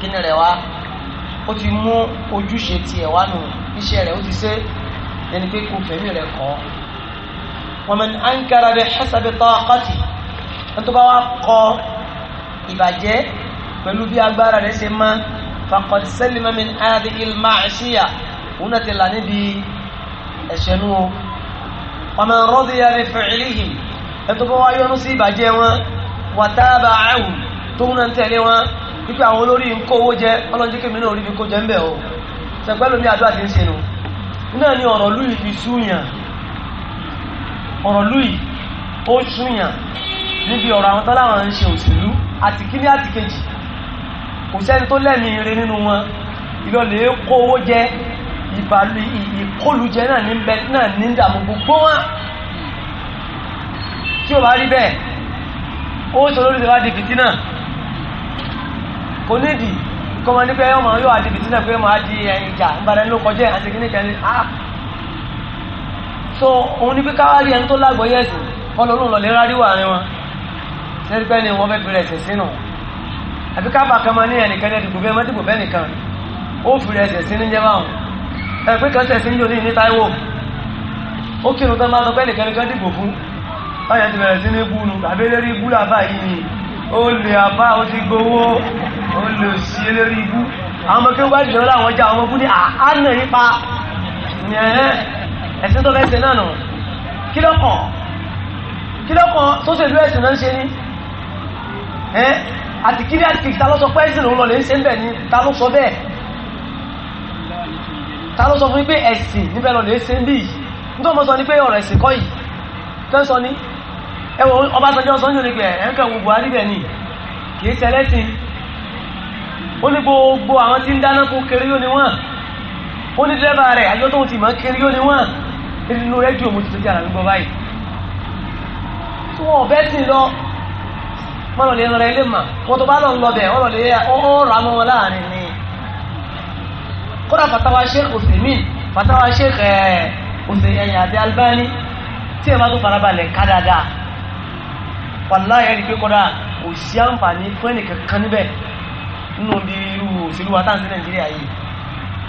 kíni rẹ̀ wá ó ti mú ojúṣe tiẹ̀ wá nù iṣẹ́ rẹ̀ ó ti ṣe ẹni pé kò fẹ̀mí rẹ̀ kọ́ ومن أنكر بحسب طاقته أنت بواقع إباجة pẹ̀lú bí agbára rẹ̀ ṣe mọ́ faqad salima min hadhihi al-ma'siyah òun ti là níbi ẹ̀ṣẹ̀ nù o wa man radiya bi fi'lihim ẹ̀tọ́ bá wá yọnu sí ìbàjẹ́ wọn wa taba'ahu tó ń tẹ̀lé wọn wípé àwọn olórí ń kó owó jẹ ọlọ́njẹ́ kí mi náà rí bí kó jẹ ń bẹ̀ o ṣẹ̀gbẹ́ lómi àdúrà ti ń ṣe nù náà ni ọ̀rọ̀ lù ìfi súyàn ọ̀rọ̀ lùyìí ó ṣúyàn níbi ọ̀rọ̀ àwọn tó láwọn ń ṣe òṣèlú àti kíní àti kejì kò sẹ́ni tó lẹ́ni ire nínú wọn ìlọlẹ̀ kó owó jẹ ìkólujẹ náà ní bẹ náà ní dààmú gbogbo wọn tí ó bá rí bẹ́ẹ̀ ó sọ lórí ìwà dìbìtì náà kò nídìí kọ́mọ ní pé ọmọ yóò adìbìtì náà pé ọmọ á di ìjà ìbára ló kọjá àti kíní kẹrin ah so òun ní pé káwárí ẹni tó lágbọ́ yẹ́sì wọ́n lọ lọ́lọ́ lera rí wàárín wọn sẹ́rí pẹ́ ni wọ́n fẹ́ bẹ̀rẹ̀ ẹ̀sẹ̀ sínú àbí káfà kan máa ní ẹnìkan ní ẹdìgbò bẹ́ẹ̀ mọ́tìgbò bẹ́ẹ̀ nìkan ó fi rẹ̀ ẹ̀sẹ̀ sí ní jẹ́ báwọn ẹ pé kan sẹ̀sí níjọ́ ní Táíwò ó kírun tán máa lọ pẹ́ nìkan nìkan dìbò ẹ̀sìn tó fẹ́ ṣe náà nù kí ló kàn kí ló kàn sóṣèlú ẹ̀sìn náà ń ṣe ní ẹ́ àti kí ní àti kìkì ta ló sọ pé ẹ̀sìn òun lọ lè ń ṣe ń bẹ̀ ní ta sọ fún pé ẹ̀sìn níbẹ̀ lọ lè ṣe ń bì nítorí sọ ní pé ọ̀rọ̀ ẹ̀sìn kọ́ yìí tẹ́ sọ ní ẹwọ Ọbásanjọ́ sọ ní onígbẹ̀ ni kì í ṣẹlẹ́sìn ó ní gbogbo àwọn tí ń dáná kú kiri ó ní wọ́n ó ní dẹ́rẹ́bà rẹ̀ àjọ tóun ti mọ̀ kiri ó nínú rédíò mo ti tó jára gbọ́ báyìí tí wọn ò bẹ́ sí lọ wọn lọ lè rẹ ilé mà wọn tó bá lọ lọ bẹ̀ wọn lọ lè ọ̀rọ̀ àmọ́ wọn láàrin ni kódà fatawa sheikh osemin fatawa sheikh osemin àti albani tí ẹ bá tó farabalẹ̀ ká dáadáa wàláyé ẹni pé kódà kò sí àǹfààní fún ẹnìkan kan níbẹ̀ nínú bí irú òṣèlú wa táǹsì nàìjíríà yìí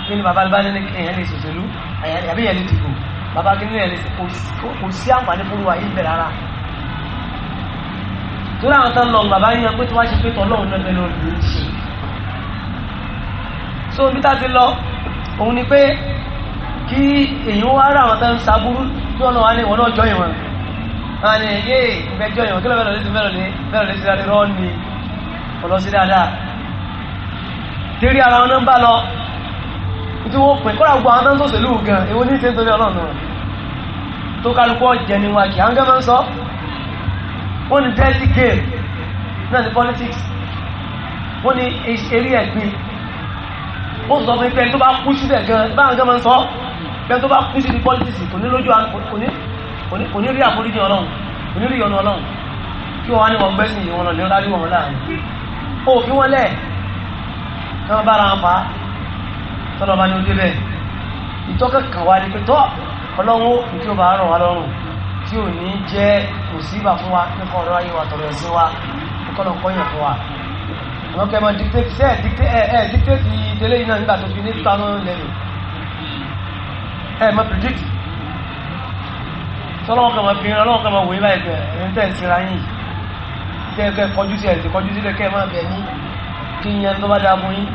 nínú bàbá albani ẹ̀yẹ́ lè ṣòṣèlú àbí ẹ̀yẹ́ lè dìbò bàbá kìíní ẹ̀ kò sí àǹfààní fún wa yìí bẹ̀rẹ̀ ara torí àwọn tán lọ bàbá yẹn pé tí wọ́n ṣe pé tọ́lọ́run náà bẹ̀rẹ̀ olùdó ń ṣe so ibi tá a ti lọ òun ni pé kí èyí wá rà àwọn tán ń saburú tí wọ́n náà wá ní ìwọ náà jọ ìwọ̀n àwọn ni yé ìfẹ́ jọ ìwọ̀n kí ló bẹ̀rẹ̀ lé bẹ̀rẹ̀ lé bẹ̀rẹ̀ lé sí dáadáa rọ́ọ̀ni ọlọ́sí dáadáa torí ara wọn náà ń bá lọ tí wọ́n pín kọ́ra gbogbo àwọn tó ń sòṣèlú gan ewu ní ṣe ń torí ọlọ́run tó kálukú ọ̀jẹ̀ ni wọn kì á ń gẹ́ máa ń sọ wọ́n ní dirty game náà ní politics wọ́n ní eré ẹ̀gbin ó sọ fún ẹni tó bá kú síbẹ̀ gan báwọn gan máa ń sọ ẹni tó bá kú síbi politics kò ní lójú kò ní rí àforíjì ọlọ́run kò ní rí ọ̀nà ọlọ́run kí wọ́n wá ní wọn gbẹ́sìn yìí wọn lọ lé ọlá tọ́lọ́ bá ní ojú bẹ́ẹ̀ ìtọ́kẹ́ kan wá ní pé tọ́ ọlọ́run tí ó bá ràn wá lọ́rùn tí ò ní jẹ́ òsínbà fún wa nípa ọ̀rọ̀ ayé wa tọ̀rọ̀ ẹ̀sìn wa kọ́lọ̀ kọ́yàn fún wa àwọn kẹmọ dictate ṣe ẹ dictate ìdílé yìí náà nígbà tó fi ní tánú lẹ́nu ẹ mọ predict tọ́lọ́wọ́ kẹmọ fi hàn ọlọ́wọ́ kẹmọ wòye báyìí pẹ̀ ẹ̀ ń tẹ̀ ń sinra yìí kẹ́ kẹ́ kọjú sí ẹ̀sìn kọjú sílẹ̀ kẹ́ mọ́ bẹ̀ ní kí n yẹn tó bá dáa fún yín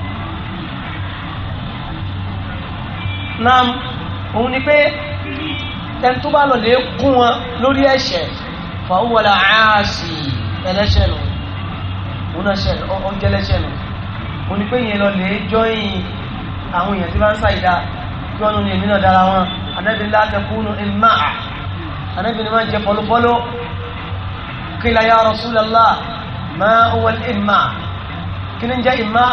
náà òun ni pé ẹni tó bá lọ lè kún wọn lórí ẹ̀ṣẹ̀ fàwọ́wọ́lá àásì ẹlẹ́ṣẹ̀ nù òun náà ṣẹ̀ ọjọ́ ẹlẹ́ṣẹ̀ nù òun ni pé yẹn lọ lè jọyìn àwọn èèyàn tí bá ń ṣàìdá kí wọ́n ní èmi náà dára wọn anábìlá tẹkùnú ìmáà anábìlá máa jẹ pọ̀lọ́pọ̀lọ́ kí láyà Rasulullah máa wọlé ìmáà kí ni jẹ́ ìmáà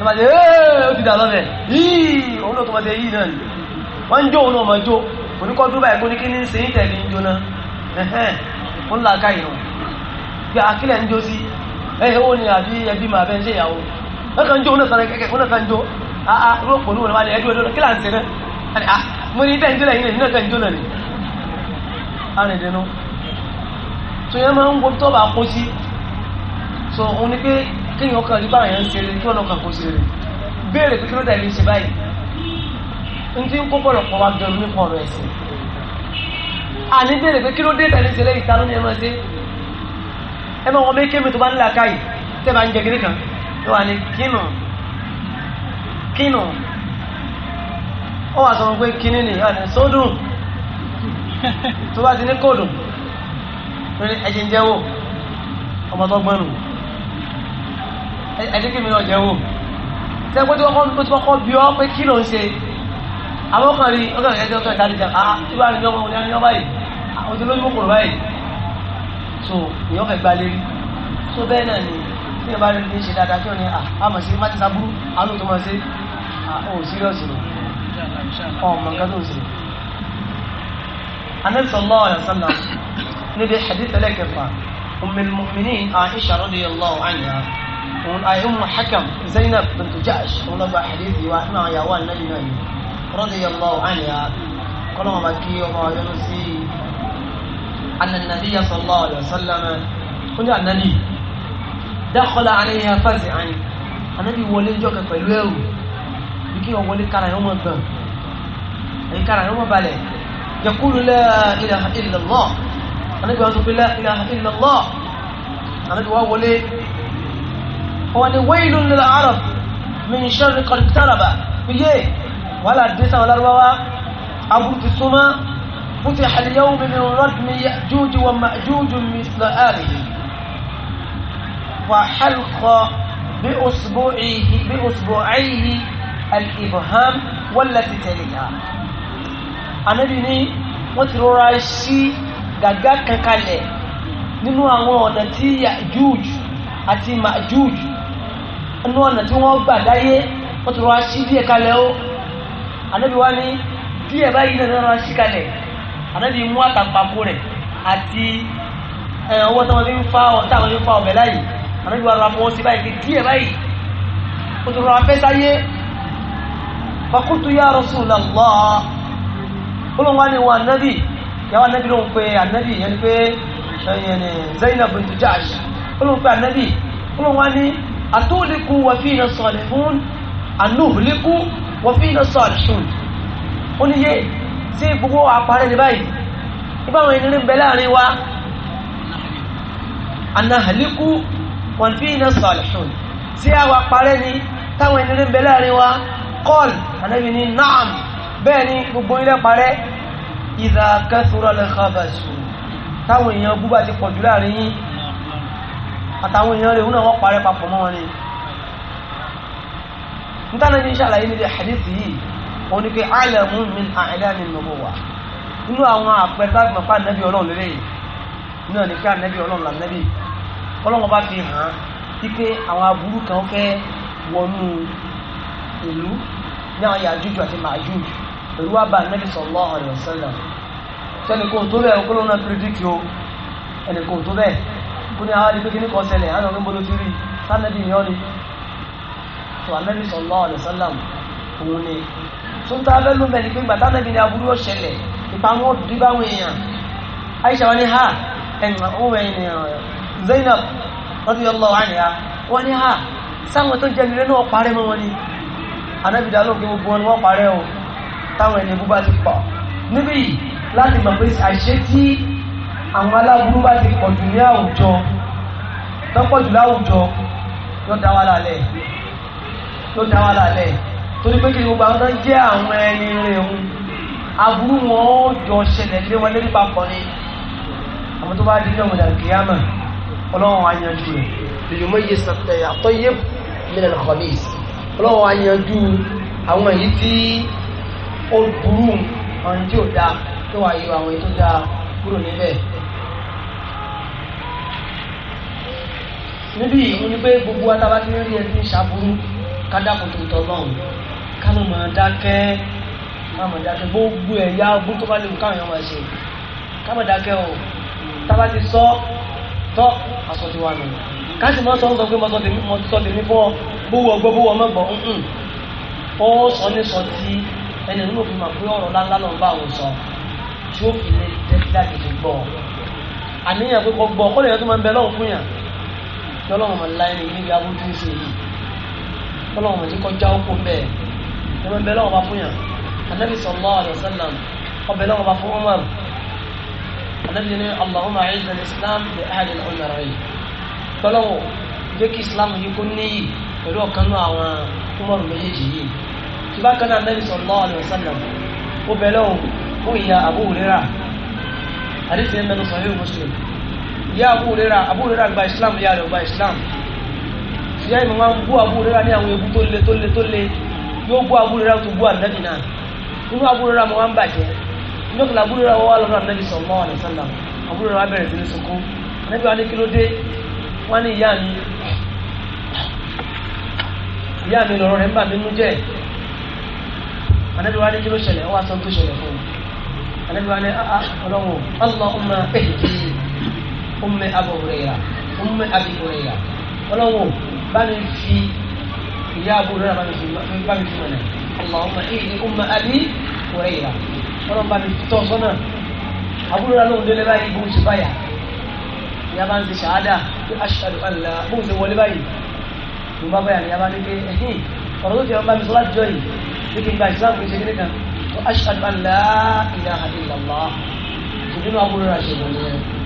tọ́bàdé ó ti dà lọ́nà yìí òun náà tọ́bàdé yìí náà wọ́n ń jó òun náà mọ̀ jó oníkọ́ tó báyìí kó ní kí ní ṣe ń tẹ̀lé ń jóná ẹ̀hẹ́n ó ń làákà ìrùn bí akílẹ̀ ń jó sí ẹ̀yẹ́ ó ní àbí ẹbí màá bẹ́ ń ṣe ìyàwó wọ́n kàn ń jó òun náà sàn kẹ́kẹ́ òun náà kàn ń jó àá ló pò ní òun ẹbí ọdún kí là ń ṣe náà mo ní tẹ́ǹjó lẹ́yìn lẹ́yìn náà tẹ́ǹjó náà ni arìndínú tó yẹ máa ń wo tó bá kó sí so òun ni pé kéèyàn kan rí báwọn yẹn ń ṣeré kí ọ̀nà kan kó ṣeré béèrè pé kí ló dà ilé ṣe báyìí n ti ń kó bọ̀rọ̀ pọ̀ wá gẹrun nípa ọ̀rọ̀ ẹ̀sìn àní béèrè pé kí ló dé tẹ̀lé ṣe lẹ́yìn ìtàlónì ẹ̀ máa ṣe ẹ máa wọn méké mi tó bá ń làákà yìí tẹ́ bá ń jẹ kiri kan ló wà ní kínú kínú ó wà sọ wọn pé kíní ni ọ̀nà sódùn tó bá ti ní kóòdù ẹ̀jẹ̀ ń jẹ́wọ́ ọmọ tó gbọ́nù ẹ̀dínkì mi náà jẹ́ wò sẹ́gbẹ́ tí wọ́n ti kọ́kọ́ bí ọ́ pé kí ló ń ṣe àwọn ọkàn rí ọkàn rẹ̀ ọkàn ìdájí jà á ìwà rí ọmọ òní ọmọ báyìí àwọn ah, tí olóyún kòrò báyìí so èèyàn fẹ́ gbalẹ̀ rí so bẹ́ẹ̀ náà ni tí ìyẹn bá rí ní ṣe dáadáa kí wọ́n ní àmọ̀ ah, sí má ti sábúrú àánú tó máa ṣe ò sírọ́ọ̀sì nù ọmọ nǹkan tó ń ṣe. anabi sallallahu alaihi wasallam níbi hadith ẹlẹ́kẹfà ummul mu'minin Aisha radiyallahu anha òun ayéhùn hakam zainab bintu ja'sh òun lọ gba hadithi wa nínú àyàwó ànábì náà yìí radiyallahu anha kọ́lọ́ wọn bá kí ọmọ ọyọ́nu sí anna nabiyya sallallahu alayhi wa sallam ó ní ànábì dakhala alayha fazi'an ànábì wọlé jọ kẹ pẹ̀lú ẹrù bí kí wọn wọlé kára yẹn wọn gbọ̀n èyí kára yẹn wọn balẹ̀ يقول لا إله إلا الله أنا أقول لا إله إلا الله أنا أقول wọ́n ni wailu lil arab min sharri qad iqtaraba iye wàhálà dé sáwọn lárúbáwá abúti súnmọ́ futiha al yawma min radmi ya'juj wa ma'juj misla alihi wa halqa bi usbu'ihi bi usbu'ayhi al-ibham wallati taliha anabi ni wọ́n ti rọra sí gàgá kankalẹ̀ nínú àwọn Ya'juj àti Ma'juj inú ọ̀nà tí wọ́n gbà dáyé wọ́n ti rọra sí díẹ̀ kalẹ̀ ó ànábì wá ní díẹ̀ báyìí náà rọra sí kalẹ̀ ànábì mú àtàǹpàkò rẹ̀ àti ọwọ́ tí wọ́n fi ń fa ọ̀tá àwọn fi ń fa ọ̀bẹ láyìí ànábì wá rọra fọwọ́ sí báyìí díẹ̀ báyìí wọ́n ti rọra fẹ́ sáyé fakultu ya Rasulullah olóhùn wá ní wọn ànábì yàwọn ànábì ló ń pe ànábì yẹn ni pé Zainab bintu Jahsh olóhùn pe ànábì olóhùn wá ní àtúhùlíkù wàfíìnà sọ̀lẹ̀hún ànúhùlíkù wàfíìnà sọ̀lẹ̀hún ó ní yé sí gbogbo àparẹ́ ní báyìí ìbáwọn ènìyàn ń bẹ láàrin wa ànàhàlíkù wàfíìnà sọ̀lẹ̀hún sí àwọn àparẹ́ ní táwọn ènìyàn ń bẹ láàrin wa kọ́ọ̀lù ànábì ní náàm bẹ́ẹ̀ ni gbogbo ilẹ̀ parẹ́ ìdàkẹ́sùrọ̀ lẹ́kọ̀ọ́ bàṣù táwọn èèyàn bú bá ti pọ̀jù láàrin àtàwọn èèyàn rẹ̀ òun náà wọ́n parẹ́ papọ̀ mọ́ wọn ni nítorí ní ṣàlàyé níbi àdìsí yìí òun ni pé àìlẹ̀mú mi àìlẹ́ mi nùgbò wà inú àwọn àpẹẹrẹ tá a gbọ̀n pa ànábì ọlọ́run lélẹ́yìn náà ni pé ànábì ọlọ́run lànàbì ọlọ́run bá fi hàn án wípé àwọn aburú kan fẹ́ wọnú ìlú ní àwọn Yàjújù àti Màjújù pẹ̀lú àbá ànábì sallallahu alaihi wasallam sẹ́ni kò tó bẹ́ẹ̀ ọkọ́lọ́run náà pírẹ́díkì o ẹnì kò tó bẹ́ẹ̀ ó ní àwọn àdìgbé kíní kan ṣẹlẹ̀ àwọn ọ̀gbìn bolo ti rí sanabi yan ni tó anabi sallallahu alaihi wasallam òun ni tó ń ta abẹ́ ló mẹ́rin pé gbàtà anabi ni aburú yóò ṣẹlẹ̀ ìpamọ́ òdì báwọn èèyàn Aisha wọn ni ha ẹni wọn wẹ̀ ni Zainab radiyallahu anha wọn ni ha sáwọn tó jẹ́ nílé náà parẹ́ mọ́ wọn ni anabi dàlọ́ kí gbogbo wọn wọ́n parẹ́ o táwọn ẹni bú ti pọ̀ níbí láti mọ̀ pé àṣẹ àwọn aláburú bá ti pọ̀jù ní àwùjọ lọ́pọ̀jù láwùjọ ló dá wa lálẹ́ ló dá wa lálẹ́ torí pé kí gbogbo àwọn náà jẹ́ àwọn ẹni rẹ̀ ń aburú wọn ó jọ ṣẹlẹ̀ lé wọn lérí papọ̀ ni àwọn tó bá di ní ọ̀gbọ̀dà kìyàmà ọlọ́run á yanjú rẹ̀. lèyìnbó yé sàtẹ̀yà tó yé mílẹ̀ lọ́kọ̀ọ́lẹ́sì ọlọ́run á yanjú àwọn èyí tí ó burú ọ̀rìn tí ò dáa tó wà yọ àwọn èyí tó dáa kúrò níbẹ̀. níbí yìí ni pé gbogbo atábá ti rí ẹni tí ń ṣàbúrú ká dákun tó tọ́ lọ́hùn ká ló máa dákẹ́ má máa dákẹ́ gbogbo ẹ̀yà ogun tó bá léwu káwọn èèyàn máa ṣe ká máa dákẹ́ o tábà ti sọ tọ́ aṣọ ti wà nù ká sì máa sọ ń sọ pé mo ti sọ tèmi fún ọ ọgbọ́ gbówó ọmọ gbọ́ ó sọ ní sọ tí ẹni nínú òfin máa pé ọ̀rọ̀ láńlá lọ́n bá àwọn sọ tí ó fi lè tẹ́tí láti fi gbọ́ àníyàn pé kò gbọ́ kó lè yẹn tó máa ń bẹ lọ́hùn fún yàn kí ọlọ́run mọ̀ láyé ní ibi abúlé ń ṣe yìí ọlọ́run mọ̀ ní kọjá oko bẹ́ẹ̀ ẹ̀rọ ń bẹ lọ́wọ́ bá fún yàn anabi sallallahu alayhi wa sallam ọbẹ̀ lọ́wọ́ bá fún umar anabi ní allahumma aizan islam bi ahadi al-umar yìí tọ́lọ́wọ́ jẹ́ kí islam yìí kó níyì pẹ̀lú ọ̀kan náà àwọn umar méjèèjì yìí bákan náà anabi sallallahu alayhi wa sallam ó bẹ lọ́wọ́ fún ìyá abu hurairah àdìsí ẹ̀ mẹ́nu sọ̀rọ̀ muslim ìyá abu abúrera gba islam ya rẹ̀ gba islam ya ìmọ̀ máa bu abu abúrera ni àwọn ewu tó le tó le tó le yóò bú abúrera tó bú ànábì náà nínú abúrera mo máa sallallahu alaihi wasallam wa bẹ̀rẹ̀ sí ní wa ní kí ló dé wọ́n ní ìyá wa ní kí ló ṣẹlẹ̀ wọ́n wá sọ Ummu Abu Hurayra Ummu Abi Hurayra ọlọ́wọ́ bá mi fi ìyá Abu Hurayra bá mi fi bá mi fi mọ̀nà Allahumma ìdí Ummu Abi Hurayra ọlọ́wọ́ bá mi tọ́ sọ́nà Abu Hurayra lóhùn délé báyìí bó ń ṣe báyà ìyá bá ń ṣe ṣàádà pé ashhadu an la bó ń ṣe wọlé báyìí ló bá báyà ìyá fi ọba mi sọ láti jọ yìí pé kí n kan ashhadu an la ilaha illallah ṣùgbọ́n Abu Hurayra ṣe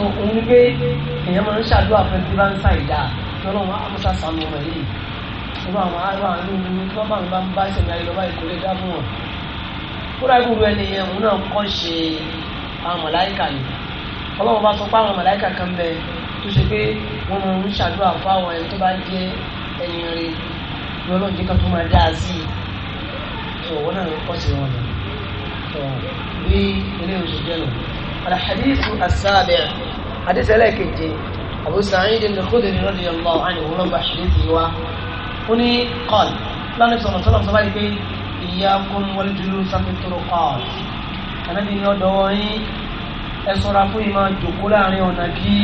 tó òun ni pé èèyàn máa ń ṣàdúrà fún tí bá ń sa ìdá lọ́nà amúsà sànù rẹ̀ yìí nínú àwọn àárọ̀ àánú ni tí wọ́n bá ń bá ń bá ìṣẹ̀lẹ̀ ayé lọ́wọ́ ìkórè dábùn wọn. kúrò àìkú rẹ nìyẹn òun náà kọ́ ṣe àwọn màláìkà ni ọlọ́run bá sọ pé àwọn màláìkà kan bẹ tó ṣe pé wọ́n máa ń ṣàdúrà fún àwọn ẹni tó bá jẹ́ ẹni rẹ lọ́nà jẹ́ kan tó máa dáa sí i. ìwọ̀n náà kọ́ ṣe wọn lọ bí ilé oṣù jẹ́ lọ. الحديث السابع حديث لك أبو سعيد الخدري رضي الله عنه ورب حديثه هنا قال لا نبي صلى الله عليه وسلم إياكم والجلوس في الطرقات أنا بني أدوي ẹsọra fún ìmọ̀ jòkó láàrin ọ̀nà kí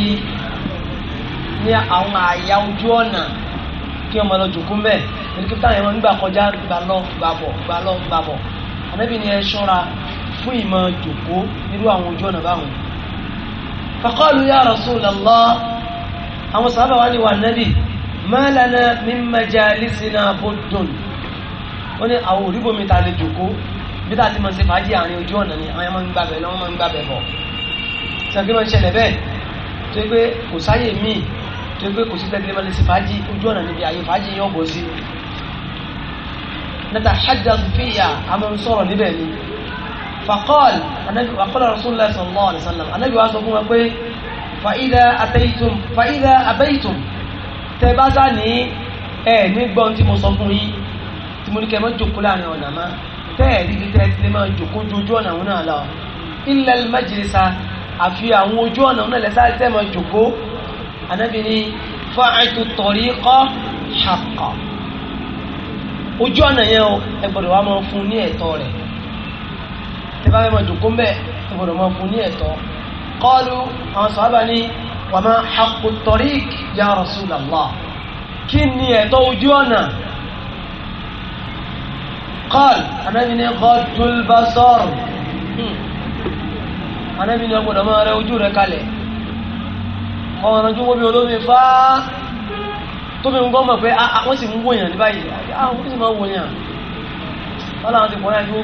ní àwọn àyà ojú ọ̀nà kí ọmọ lọ jòkó mbẹ ẹni kí táwọn ẹ̀rọ ń gbà kọjá gbà lọ gbà bọ̀ gbà lọ gbà bọ̀ ànábì ni ẹ ṣọ́ra fún ìmọ̀ jòkó nírú àwọn ojú ọ̀nà báwọn faqalu ya Rasulallah àwọn sábà wà ní wà nábì ma lana min majalisina buddun wọ́n ní àwọn òrìbó mi ta lè jòkó bí tá a ti mọ̀ sí fàájì àárín ojú ọ̀nà ni àwọn ẹ̀mọ́ ń gbàbẹ̀ lọ́wọ́ máa ń gbàbẹ̀ bọ̀ sàgbé máa ń ṣẹlẹ̀ bẹ́ẹ̀ tó yẹ pé kò sáyè míì tó yẹ pé kò sí tẹ́gbẹ́ lè sí fàájì ojú ọ̀nà níbi àyè fàájì yẹn ọ̀bọ̀ sí. nàtà hajj fiya a máa ń sọ̀rọ̀ níbẹ̀ ni fàkọ́ọ̀lì àkọ́lá rasulullah sallallahu alayhi wa sallam anabi wa sọ fún wa pé fàídà àtẹ̀yìtùm fàídà àbẹ̀yìtùm tẹ bá sá ní ẹ nígbọ́n tí mo sọ fún yín tí mo ní kẹ́ ẹ má jòkó láàrin ọ̀nà má tẹ́ ẹ̀ rí bí tẹ́ ẹ ti lè máa jòkó ojú ọ̀nà òun náà lọ ilẹ̀ mẹ́jìlísà àfi àwọn ojú ọ̀nà òun lẹ́sà tẹ́ máa jòkó anabi ní fa'atu tariqa haqqa ojú ọ̀nà yẹn o ẹ gbọ́dọ̀ fún ní ẹ̀tọ́ rẹ̀ bá mẹ́mọ̀ jòkó mẹ́ ìgbọ̀dọ̀ mọ́ fún ní ẹ̀tọ́ qalu àwọn sàhábà ní wa ma haqqu tariq ya Rasulallah kí ni ẹ̀tọ́ ojú ọ̀nà qal anábì ní ghaddul basar anábì hmm. ní ọgbọ̀dọ̀ máa rẹ ojú rẹ kalẹ̀ ọ̀rọ̀ ojú wọ́n bí olómi fá tó bí nǹkan mọ̀ pé ah, ah, wọ́n sì ń wòyàn ní báyìí ah, sì máa wòyàn wọ́n láwọn ti pọ̀ náà yóò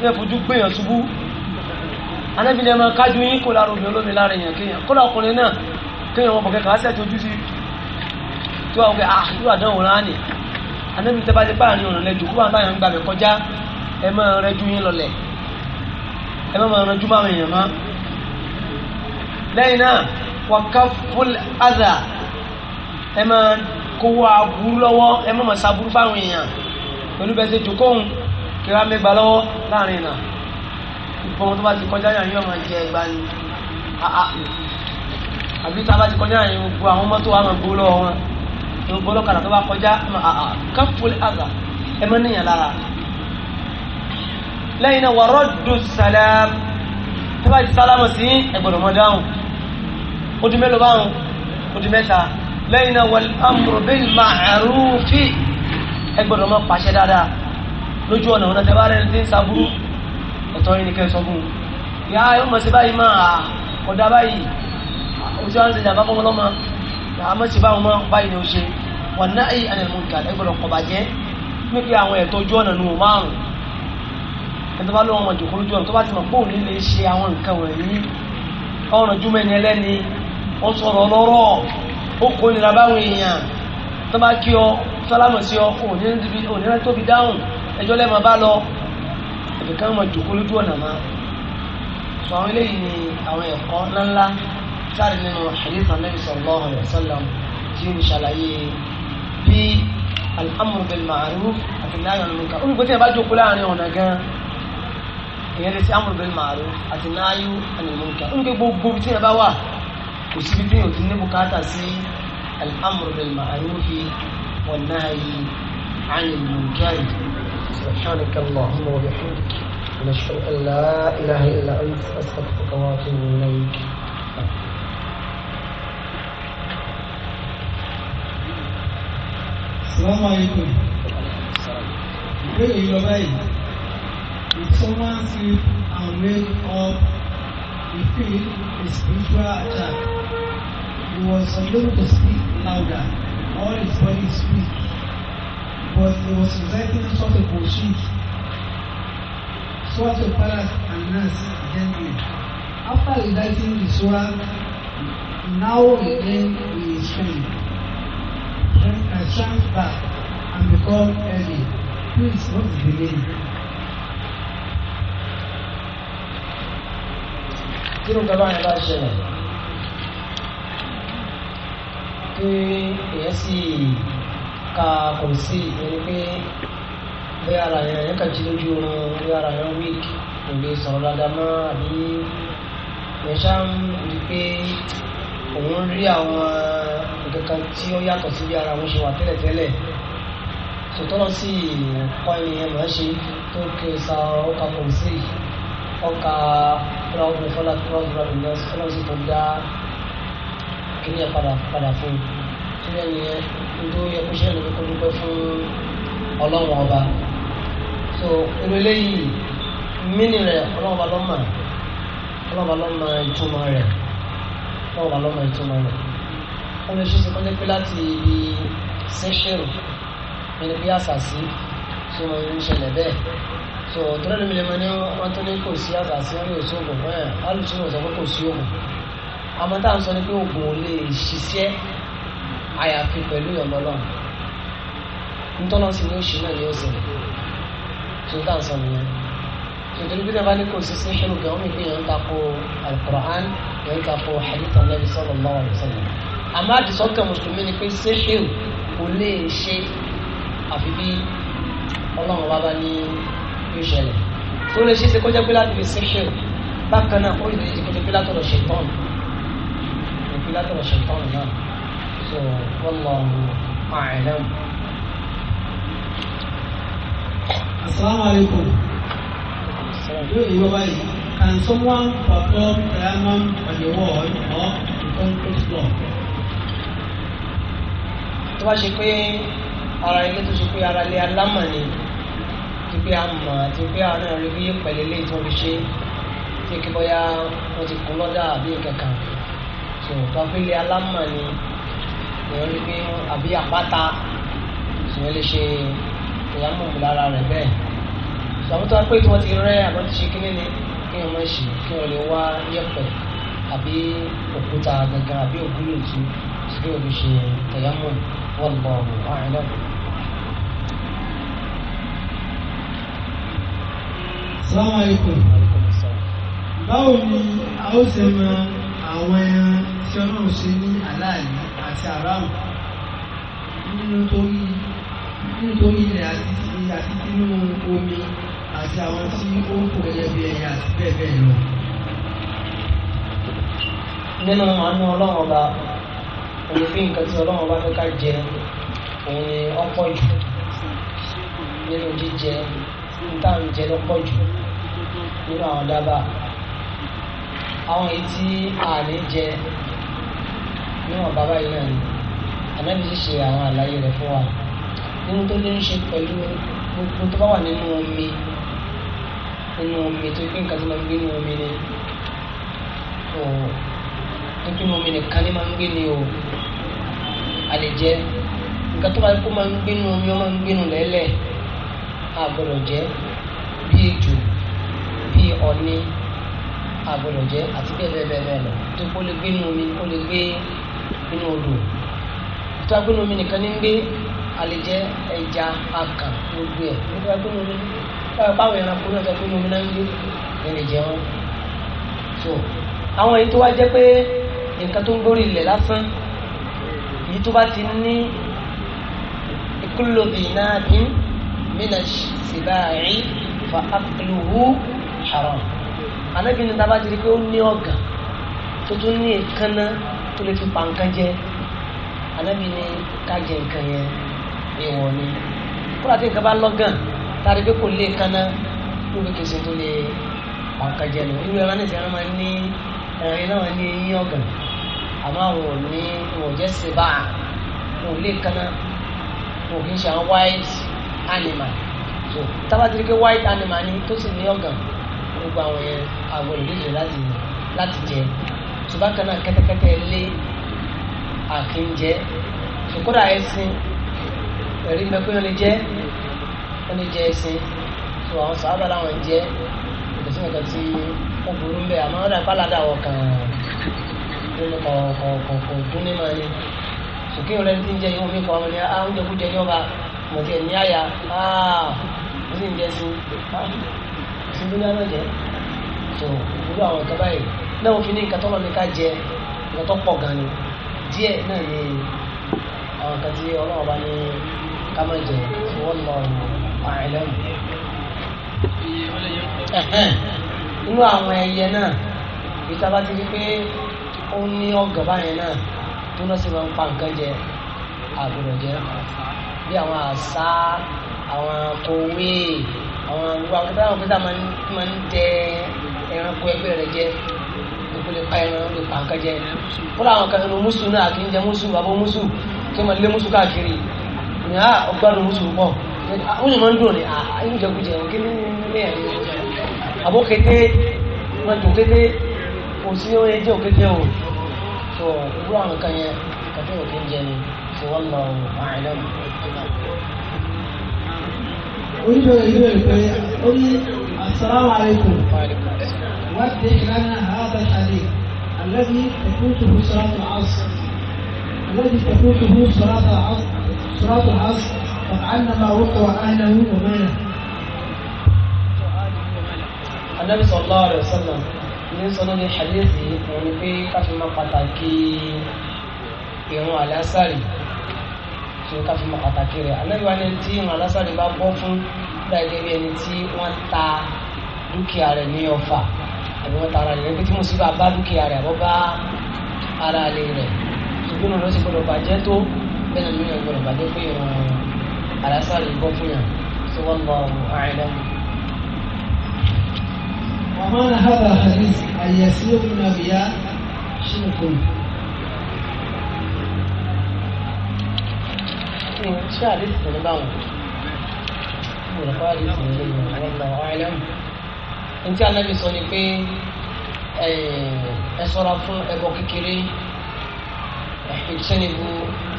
ní ẹ̀fọ́jú gbéyàn ṣubú anábì ní ẹ máa kájú yín kó lára obìnrin olómi lára èèyàn kéèyàn kó ọkùnrin náà kéèyàn wọn bọ̀kẹ́ kàásẹ̀ tó ojú sí tó àwọn pé ah irú àdánwò rán ni anábì tẹ́ bá ti páàrin ọ̀nà lẹ́jù kó máa báyàn gbàgbẹ́ kọjá ẹ máa rẹjú yín lọlẹ̀ ẹ máa rẹjú máwọn èèyàn mọ́ lẹ́yìn náà wàkà fúl àdà ẹ máa kówó aburú lọ́wọ́ ẹ máa máa báwọn èèyàn pẹ̀lú bẹ́ẹ̀ ṣe jòkóhùn kí wá mẹ́gbà lọ́wọ́ láàrin ìnà ìfọwọ́n tó bá ti kọjá yàn yóò máa jẹ ẹgbà ni àbí tá a bá ti kọjá yàn gbogbo àwọn mọ́tò wa máa gbó lọ́wọ́ wọn gbogbo ọlọ́kadà tó bá kọjá káfíńpọ̀lì àgà ẹ máa níyàn lára lẹ́yìn náà wàrọ̀ dùn sàlám tó bá ti sálámù sí ẹgbọ̀dọ̀ mọ́ dáhùn ó mélòó báwọn ó mẹ́ta lẹ́yìn náà wal amru bil ma'rufi ẹgbọ̀dọ̀ mọ́ pàṣẹ dáadáa lójú ọ̀nà ọ̀nà tẹ́bá rẹ̀ ní sàbúrú ẹ̀tọ́ yìí nìkẹ́ sọ fún un yà mọ̀ sí báyìí máa ọ̀dà báyìí ojú wa ń ṣe jàmbá fọmọ lọ́mọ àmọ́ sí báwọn máa báyìí ni ó ṣe wà náà yìí àná ìmúkà ẹgbẹ̀rún kọ̀ bàjẹ́ níbi àwọn ẹ̀tọ́ ojú ọ̀nà nù márùn ẹ̀tọ́ bá lọ́wọ́ mọ̀jòkó lójú ọ̀nà tó bá ti mọ̀ póòlì lè ṣe àwọn nǹkan wọ̀nyí ẹjọ́ lẹ́mọ bá lọ ẹ̀fẹ̀ kan mọ̀ jòkó lójú ọ̀nà máa sọ àwọn eléyìí ni àwọn ẹ̀kọ́ ńláńlá sáré nínú hadith anabi sallallahu alayhi wa sallam tí ó ṣàlàyé bí al-amru bil ma'ruf àti náírà ló ń ka olùkọ́ tí ẹ bá jòkó láàrin ọ̀nà gan ìyẹn lè ṣe amru bil àti náírà ló ń kò síbi tí yóò ti ní bùkátà sí al-amru bil ma'ruf wan سبحانك اللهم وبحمدك نشهد أن لا إله إلا أنت أستغفرك وأتوب إليك السلام عليكم Ìbéèrè your yìí. If someone sleep and wake up, he feel a spiritual attack. He was unable to speak louder. All his body speaks. But he was reciting Surah Al Bushik, Surah Al palace and Nas gently. After reciting the Surah, now regain his strength. Then I shrank back and become early. Please, what is the name? Kí ló ń gbàgbọ́ àyàn bá ṣẹlẹ̀? Pé èèyàn sì kò sí ìpinnu pé bí ara yẹn yẹn kàn jí lójú oorun bí ara yẹn wíìk kò lè sọ̀rọ̀ dáadáa mọ́ àbí yẹn ṣá ń rí pé òun rí àwọn nǹkan kan tí ó yàtọ̀ sí bí ara òun ṣe wà tẹ́lẹ̀tẹ́lẹ̀ sòtọ́nà sí kọ́ ẹnìyẹn máa ṣe tó kí o sa ọkà kò sí ọkà ráwọ́pẹ́ fọlá tó ráwọ́pẹ́ fọlá tó dá kí ni ẹ padà fún un náà nìyẹn nítorí yẹ kó ṣẹlẹ̀ kó dúpẹ́ fún ọlọ́run ọba so irú eléyìí mini rẹ̀ ọlọ́run ọba lọ́mọ ọlọ́run ọba lọ́mọ ìtumọ̀ rẹ̀ ọlọ́run ọba lọ́mọ ìtumọ̀ rẹ̀ wọ́n lè ṣe é kọ́jẹ́ pé láti ibi sẹ́ṣẹ̀rù ẹni bí àṣàṣì tó ń ṣẹlẹ̀ bẹ́ẹ̀ so tọ́lá lómi lè mọ ní wọ́n tó ní kò sí àṣàṣì wọn yóò sí oògùn ẹ̀ alùsùn ò sọ pé kò sí oògùn àmọ́ táà ń sọ ni pé oògùn ò lè ṣiṣẹ́ àyàfi pẹ̀lú ìyọ̀mọ́lọ́ ntọ́nà sí ní oṣù náà ni ó sìn tó ń tàn sàn nìyẹn nítorí bí dábàá ní kò sí sí ṣẹ́nu gan omi pé yẹn ń tako alukur'an yẹn ń tako hadith anabi sallallahu alayhi wa sallam àmọ́ àdìsọ́kàn mùsùlùmí ni pé ṣẹ́ṣẹ́ù kò lè ṣe àfi bí ọlọ́run bá bá ní yóò ṣẹlẹ̀ tó lè ṣe ṣe kọjá pé láti fi ṣẹ́ṣẹ́ù bákan náà ó lè ṣe kọjá pé látọ̀dọ̀ ṣètọ́nù pé látọ̀dọ̀ ṣètọ́nù náà. والله أعلم السلام عليكم You're right. Can someone perform diamond on the wall or the concrete floor? Tó bá ṣe pé ara ilé tó ṣe pé ara ilé alámọ̀ ni ti pé a mọ̀ àti pé àwọn náà rí bí pẹ̀lú ilé tí wọ́n fi ṣe tí kí bóyá wọ́n ti kún lọ́dà àbí kankan. Tó bá pé ilé alámọ̀ ni èèyàn rí pé àbí àpáta èèyàn lè ṣe èèyàn lára rẹ̀ bẹ́ẹ̀ ìgbàmú tó wá pé tí wọ́n ti rẹ́ àbọ̀ ti ṣe kíní ni kí wọ́n máa ṣe kí wọ́n lè wá yẹ̀pẹ̀ àbí òkúta gangan àbí ògúlùtù sí kí wọ́n fi ṣe èèyàn mú wọ́n lọ ọ̀rọ̀ àìlọ́ Assalamu alaikum. Báwo ni a ó ṣe máa àwọn ẹran tí ọlọ́run ṣe ní aláàlú àti aráàlú nínú torí nítorí ilẹ̀ àti nínú omi àti àwọn tí ó ń kó gẹ́gẹ́ bí ẹyẹ àti bẹ́ẹ̀ bẹ́ẹ̀ lọ. nínú àánú ọlọ́run ọba òun fi nǹkan tí ọlọ́run ọba fẹ́ ká jẹ òun ni ọ̀pọ̀ jù nínú jíjẹ níta ń jẹ lọ́pọ̀ jù nínú àwọn dábàá àwọn èyí tí a lè jẹ níwọ̀n bàbá yìí náà ni ànábi ti ṣe àwọn àlàyé rẹ̀ fún wa nínú tó ní í ṣe pẹ̀lú gbogbo tó bá wà nínú omi nínú omi tó pé nǹkan tó máa ń gbé nínú omi ni o tó pé nínú omi nìkan ni máa ń gbé ni o a lè jẹ nǹkan tó máa kó máa ń gbé nínú omi ó máa ń gbé nínú lẹ́lẹ̀ a gbọ́dọ̀ bí ejò bí ọ̀ní àgbọ̀dọ̀ jẹ́ àti bẹ́ẹ̀ bẹ́ẹ̀ bẹ́ẹ̀ bẹ́ẹ̀ lọ tó kó lè gbé inú omi kó lè gbé inú odò tó agbé inú omi nìkan ní gbé àlejẹ ẹja akàn gbogbo ẹ̀ tó agbé inú omi báyọ̀ báwọn ẹranko náà tó agbé inú omi náà ń gbé ẹ̀rẹ̀ jẹ wọn. so àwọn èyí tó wá jẹ́ pé nǹkan tó ń gbórí ilẹ̀ lásán èyí tó bá ti ní ìkúlòbì náà dín mí náà sì bá rí fa haram ànábì ní tábà ti rí pé ó ní ọ̀gàn tó tún ní èékánná tó lè fi pa nǹkan jẹ ànábì ní ká jẹ nǹkan yẹn èèwọ̀ ni kóra tí nǹkan bá lọ́gàn tàbí pé kò lè èékánná lórí kèsì tó lè pa nǹkan jẹ lọ irú ẹran nìkan máa ń ní ẹran yẹn náà ní eyín ọ̀gàn àmọ́ àwọn ò ní wọn jẹ́ sèbá wọn lè èékánná wọn kì í ṣe àwọn white animal so tábà ti rí pé white animal ni tó sì ní ọ̀gàn gbogbo àwọn yẹn àgbọ̀dọ̀ lè lè láti láti jẹ ṣùgbọ́n kan náà kẹ́tẹ́kẹ́tẹ́ lé àkínjẹ ṣùkúrà ẹ̀sìn ẹ̀rí mẹ́kún yóò lè jẹ́ ó lè jẹ ẹ̀sìn tó àwọn sàábà láwọn jẹ kò sí nǹkan tí ó burú ń bẹ àmọ́ ọ̀dà páládà wọ̀ kàn kò dún ní máa ní ṣùkí ti ń jẹ ìwọ̀n mi kọ́ ọmọ ní ah, oúnjẹ kújẹ ní ọba mọ̀tẹ́ ní àyà ó ah, sì ń jẹ sí sí lórí àná jẹ tó irú àwọn nǹkan báyìí náà wọ́n fi ní nǹkan tọ́lọ́ ní ká jẹ nǹkan tó pọ̀ gan ni díẹ̀ náà ni àwọn nǹkan tí ọlọ́run bá ní ká má jẹ wọ́n lọ àìlẹ́ mu. inú àwọn ẹyẹ náà ìta bá ti di pé ó ní ọ̀gá báyẹn náà tó náà sì máa ń pa nǹkan jẹ àgbọ̀dọ̀ jẹ bí àwọn àṣà àwọn kòwé àwọn ìwà kẹta àwọn kẹta máa ń jẹ ẹranko ẹgbẹ́ rẹ jẹ gbogbo lè pa ẹran lè pa nǹkan jẹ fún àwọn kan nínú mùsù náà kì í jẹ mùsù àbọ̀ mùsù kí wọ́n lé mùsù káàkiri ní à ah, ọgbàdùn mùsù pọ̀ wọ́n yìí máa ń dùn ah, ah, ní àìjẹkújẹ kí ní ní ẹ̀rí àbọ̀ kété wọ́n jù kété kò sí oye jẹ́ òkété o tó gbogbo àwọn kan yẹn kàtí òkè jẹ ni tí wọ́n lọ àìlẹ́mù oníbẹ̀rẹ̀ ìlú ẹ̀ pé ó ní asalaamu alaykum wàdí ìlànà hàdà àdé alẹ́bí tẹ̀kútù fún sọ́ràtù àṣ alẹ́bí tẹ̀kútù fún sọ́ràtù àṣ sọ́ràtù àṣ fàcàlnà máa wọ́pọ̀ àhìnà wù ọ̀mẹ́nà. anabi sallallahu alayhi wa sallam ní sọ́nà ní xadìsí òun pé káfíńmá pàtàkì ìrún àlásàrì. O ká fi mọ̀ pàtàkì rẹ̀ anábìwá ni tí ìrun alásàrè bá bọ́ fún dáìgẹ́ bí ẹni tí wọ́n ta dúkìá rẹ̀ ní ọ̀fà àbí wọ́n ta ara rẹ̀ pé tí mo sì bá bá dúkìá rẹ̀ àbọ̀ bá ara rẹ̀ rẹ̀ ìgbónú ló sì gbọdọ̀ bàjẹ́ tó bẹ́ẹ̀ náà nínú ìgbọdọ̀ bàjẹ́ pé ìrun alásàrè fún yàn tó wọ́n lọ àìlẹ́mú. ومعنى هذا الحديث أن يسير النبي شرك kí ni ṣé àdéhùn tó ní báwọn mo rò pé àdéhùn tó ní lóyún àwọn ọmọ ọ̀hánlẹ́mù ní tí anábì sọ ni pé ẹ ṣọ́ra fún ẹbọ kékeré ìṣẹ́nibu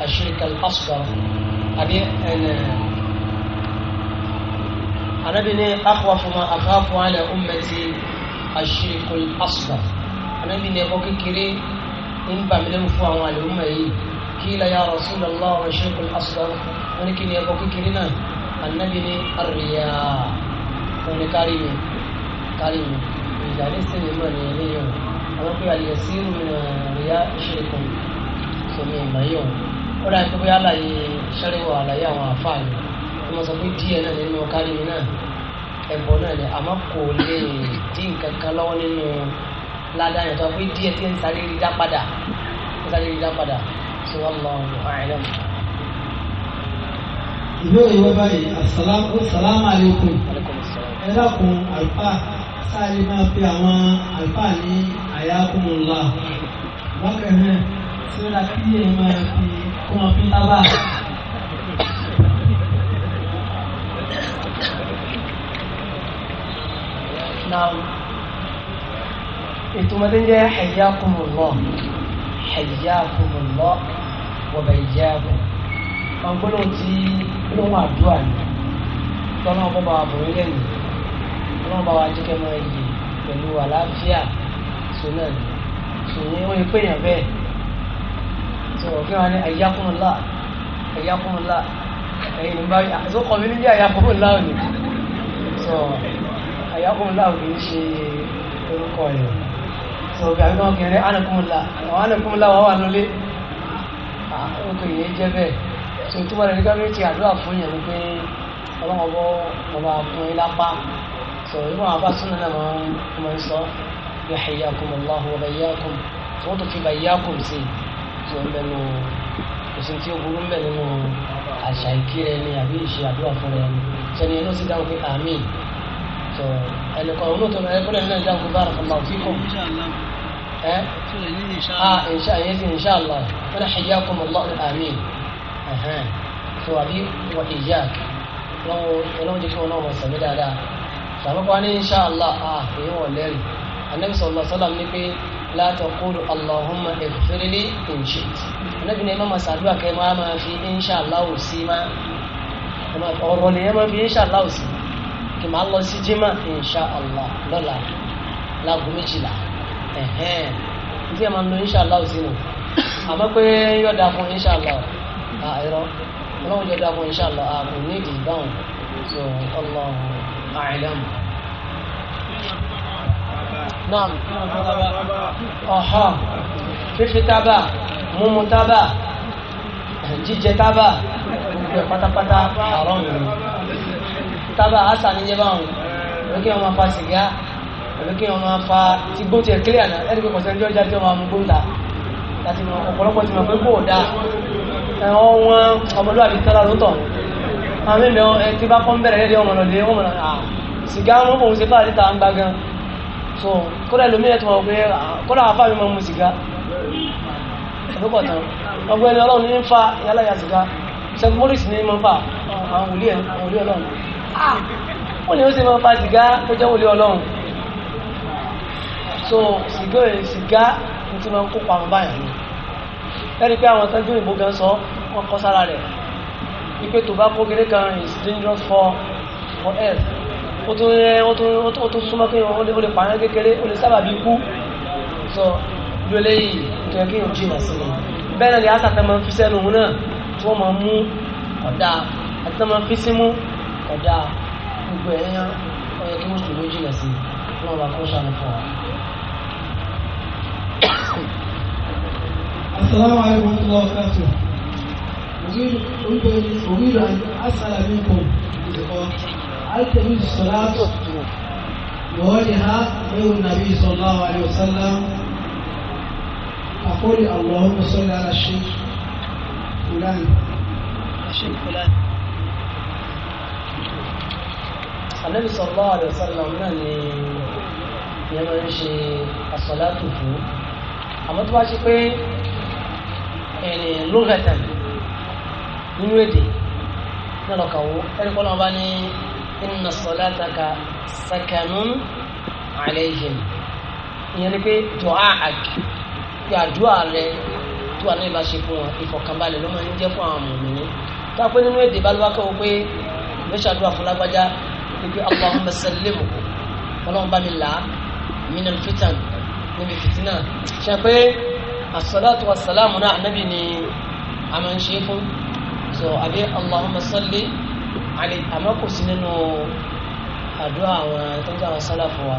àṣíríkà asùgbà àbí ẹnẹ anábì ní akhwafu ma akhafu ala ummati àṣíríkà asùgbà anábì ní ẹbọ kékeré ń bàmílẹ́rù fún àwọn àlè قيل يا رسول الله وشيخ الأصغر ولكن يا بوكي كرينا النبي الرياء ونكاريني كاريني إذا لسه يمن يليون ولكن اليسير من الرياء شرك سمين مليون kódà tó bóyá àlàyé sẹ́ríwọ̀ àlàyé àwọn àfáàní wọ́n mọ̀ sọ pé díẹ̀ náà nínú kárí mi náà ẹ̀bọ̀ náà ni àmọ́ kò lè dín nǹkan kan lọ́wọ́ nínú ládàá yẹn tó wá pé díẹ̀ tí ń sáré rí dá padà ń sáré rí dá padà والله أعلم ìbéèrè wọ́n báyìí asalaamu salaamu aleykum ẹ dákun àlùfáà sáàlì máa pe àwọn àlùfáà ní àyàkùnmùlá bákan náà tí ó dá kí èèyàn máa fi kó máa fi tábà. ètò ọmọdé ń jẹ́ àyàkùnmùlá àyàkùnmùlá wọ̀bẹ̀ ìjẹ́ ààbò wọn gbọ́dọ̀ tí lóhùn àdúrà ni tọ́lá ọkọ̀ bá wa bọ̀ wílẹ̀ nì tọ́lá ọba wa jẹ́ kẹ́mọ́ ẹ̀yẹ pẹ̀lú àlàáfíà sọ́nà ni sọ́nà ni wọ́n ń pèèyàn bẹ́ẹ̀ sọ kí wọ́n ní ayyakumullah ayyakumullah ẹ̀yìn nígbà àzọ́kọ̀ mi níbi ayyakumullah ni sọ ayyakumullah kì í ṣe orúkọ rẹ̀ sọ gàmínà kẹrin anakumullah àwọn anakumullah wà wà lólé àwọn yẹn jẹ́ bẹ́ẹ̀ tó tó bá lẹ́nu káwé ti àdúrà fún yẹn wípé ọlọ́wọ́ bọ́ bàbá lápá tó ìwọ̀n abásúnà náà máa ń máa ń sọ yahyakum Allahu wa bayyakum tó wọ́n tó fi bayyakum sí tó ń bẹnu òsì tí ó ń bẹ nínú àṣà ìkírẹ ni àbí ìṣe àdúrà fún rẹ sẹni ẹni ó sì dáhùn pé àmín tó ẹnìkan òun náà tó ẹnìkan ẹ ah eh? insha yẹn sì insha allah wọn ahyakum allah amin so àbí wà ìyá lọ́wọ́ ọlọ́run jẹ́ kí wọn náà wọ̀ sẹ̀mí dáadáa sàmúkọ́ ní insha allah ah èyí wọ̀ lẹ́rì anabi sallallahu alaihi wasallam ní pé la taqulu allahumma ighfirli in shi'ta anabi ní ẹ má ma sàdúrà kẹ́ ẹ má ma fi insha allah ò sí má ọ̀rọ̀ ni ẹ má fi insha allah ò sí kì má lọ sí jimá insha allah lọ́la láago méjìlá. ẹ̀hẹ́n tí ẹ máa ń lo inṣàlá sínú àmọ́ pé yọ̀dà fún inṣàlá àìrọ́ ọlọ́run yọ̀dà fún inṣàlá ààbò nídìí báwọn so ọlọ́run àìlẹ́mù. naam ọ̀họ́ fífi tábà múmu tábà jíjẹ tábà gbogbo ẹ̀ pátápátá àrọ́ mi tábà àṣà níjẹ́ báwọn pẹ̀lú kí wọn máa fa ti gbó tiẹ̀ kílíà náà ẹ̀rí pé kọ̀sẹ̀ ní ọjà tí wọn máa mú gbóńdà láti mọ ọ̀pọ̀lọpọ̀ ti mọ̀ pé kò dáa ẹ̀wọ̀n wọn ọmọlúwàbí tọ́lá ló tọ̀ àwọn mímẹ́ ẹ ti bá kọ́ ń bẹ̀rẹ̀ lẹ́dí ọmọ lọ́dẹ ọmọ náà sìgá wọn kò ń ṣe fáàrí ta ń gbá gan so kódà lómìnira tó wọn pé kódà ọgbẹ́ni ọlọ́run ní ń fa yálà sìgá St. Maurice ní ma fa àwọn wòlíẹ̀ ọlọ́run ó ní ó sì máa fa sìgá tó jẹ́ wòlíẹ̀ ọlọ́run so sìgá ẹ̀ sìgá ní tí wọ́n ń kópa àwọn báyìí ni ẹni pé àwọn tẹ́jú òyìnbó gan sọ wọ́n kọ́ sára rẹ̀ wípé tobacco kéré kan is dangerous for for health ó tún rẹ ó tún ó tún súnmọ́ pé ó lè pààyàn kékeré ó lè sábà bí kú sọ lólè yìí tó yẹ kí n jìnà sí ni bẹ́ẹ̀ náà ni àtàtà máa ń fi sẹ́nu òun náà tí wọ́n máa mú ọ̀dà àtàtà máa ń fi símú ọ̀dà gbogbo ẹ̀yàn ọ̀yẹ́ kí mùsùlùmí jìnà sí i wọ́n máa kọ́ sànù fún wa. السلام عليكم ورحمة الله وبركاته أريد أريد أن أسأل منكم هل تجوز الصلاة ووجهها غير النبي صلى الله عليه وسلم أقول اللهم صل على الشيخ فلان الشيخ فلان النبي صلى الله عليه وسلم ناني yẹn máa ń ṣe àsọlá tuntun ẹni lóhẹtẹ nínú èdè náà lọ kàwó ẹni kọ́ náà bá ní inna salataka sakanun alayhim ìyẹn ni pé dùá àjù pé àdúrà rẹ dùá náà bá ṣe fún wọn ìfọ̀kànbalẹ̀ ló máa ń jẹ́ fún àwọn mùmínì tá a pé nínú èdè bá ló wá kẹ́wọ́ pé lọ́sàdúrà fún lágbájá ni pé Allahumma sallimhu ọlọ́run bá mi là á min al níbi fìtínà ṣe pé asọ́látù wasalamu náà anábì ni a máa ṣe fún so àbí allahumma salli alayhi àmọ́ kò sí nínú àdúrà àwọn tó ń jẹ́ àwọn sálàfù wa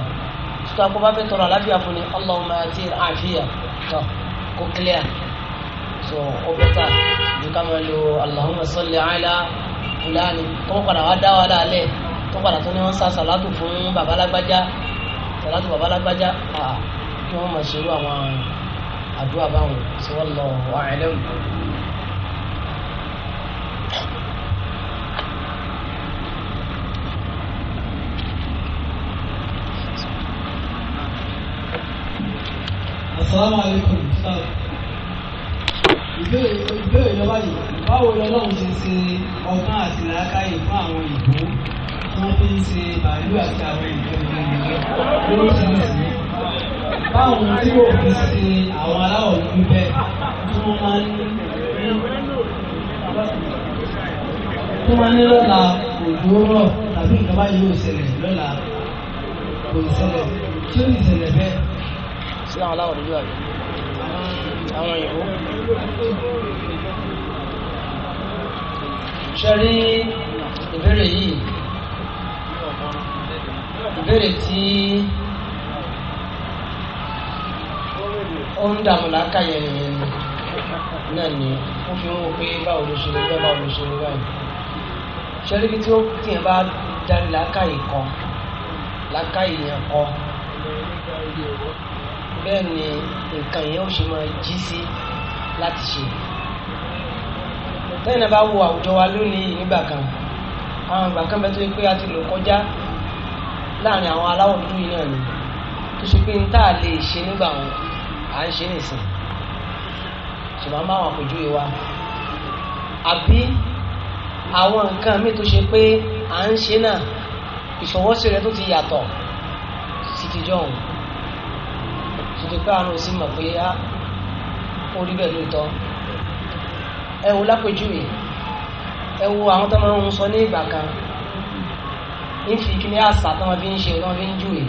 tuta kó bá fẹ́ ni allahumma ati àfíà tó kó clear so ó bẹ́tà ju ká máa lo allahumma salli ala fulani tó ń padà wá dá wa lálẹ́ tó ń padà tó ní wọ́n sá sàlátù fún babalágbájá sàlátù babalágbájá àà kí wọ́n máa ṣerú àwọn àdúrà báwọn tí wọ́n lọ wá ẹlẹ́wù. asalaamualeykum sir ìbéèrè ìbéèrè lọ́wọ́ yìí báwo lọ́lọ́run ti ṣe ọgbọ́n àti làákàyè fún àwọn ìbò tí wọ́n fi ń ṣe bàálù àti àwọn ìbò ìbò ìbò lórí ìbò ìbò báwọn tí kò fi sí àwọn aláwọ̀ dúdú bẹ́ẹ̀ tí wọ́n máa ń tó máa ní lọ́la òjò rọ̀ tàbí nǹkan báyìí yóò ṣẹlẹ̀ lọ́la kò ṣẹlẹ̀ tí ó lè ṣẹlẹ̀ bẹ́ẹ̀. sí àwọn aláwọ̀ dúdú àgbẹ̀ àwọn òyìnbó. ṣe rí ìbéèrè yìí ìbéèrè tí. ó ń dààmú làákàyè nìyẹn náà ni ó fi ń wo pé báwo ló ṣe lè bẹ́ẹ̀ báwo ló ṣe lè báyìí ṣẹ́ríbi tí ó tiẹ̀ bá darí làákàyè kan làákàyè yẹn kọ́ bẹ́ẹ̀ ni nǹkan yẹn ó ṣe máa jí sí láti ṣe lẹ́yìn náà bá wo àwùjọ wa lónìí nígbà kan àwọn ìgbà kan bẹ́ẹ̀ tó yẹ pé a ti lò kọjá láàrin àwọn aláwọ̀ dúdú yìí náà ni tó ṣe pé n tá a lè ṣe nígbà wọn à ń ṣe nìsín ṣùgbọ́n bá àwọn àpèjúwe wa àbí àwọn nǹkan míì tó ṣe pé à ń ṣe náà ìṣọwọ́sí rẹ tó ti yàtọ̀ sí tijọ́ òun tó ti pé àrùn sí mọ̀ pé á ah, ó rí bẹ́ẹ̀ lóòótọ́ ẹ wo lápèjúwe ẹ wo àwọn tó máa ń sọ ní ìgbà kan ń fi kí ni àṣà tó máa fi ń ṣe tó máa fi ń júwe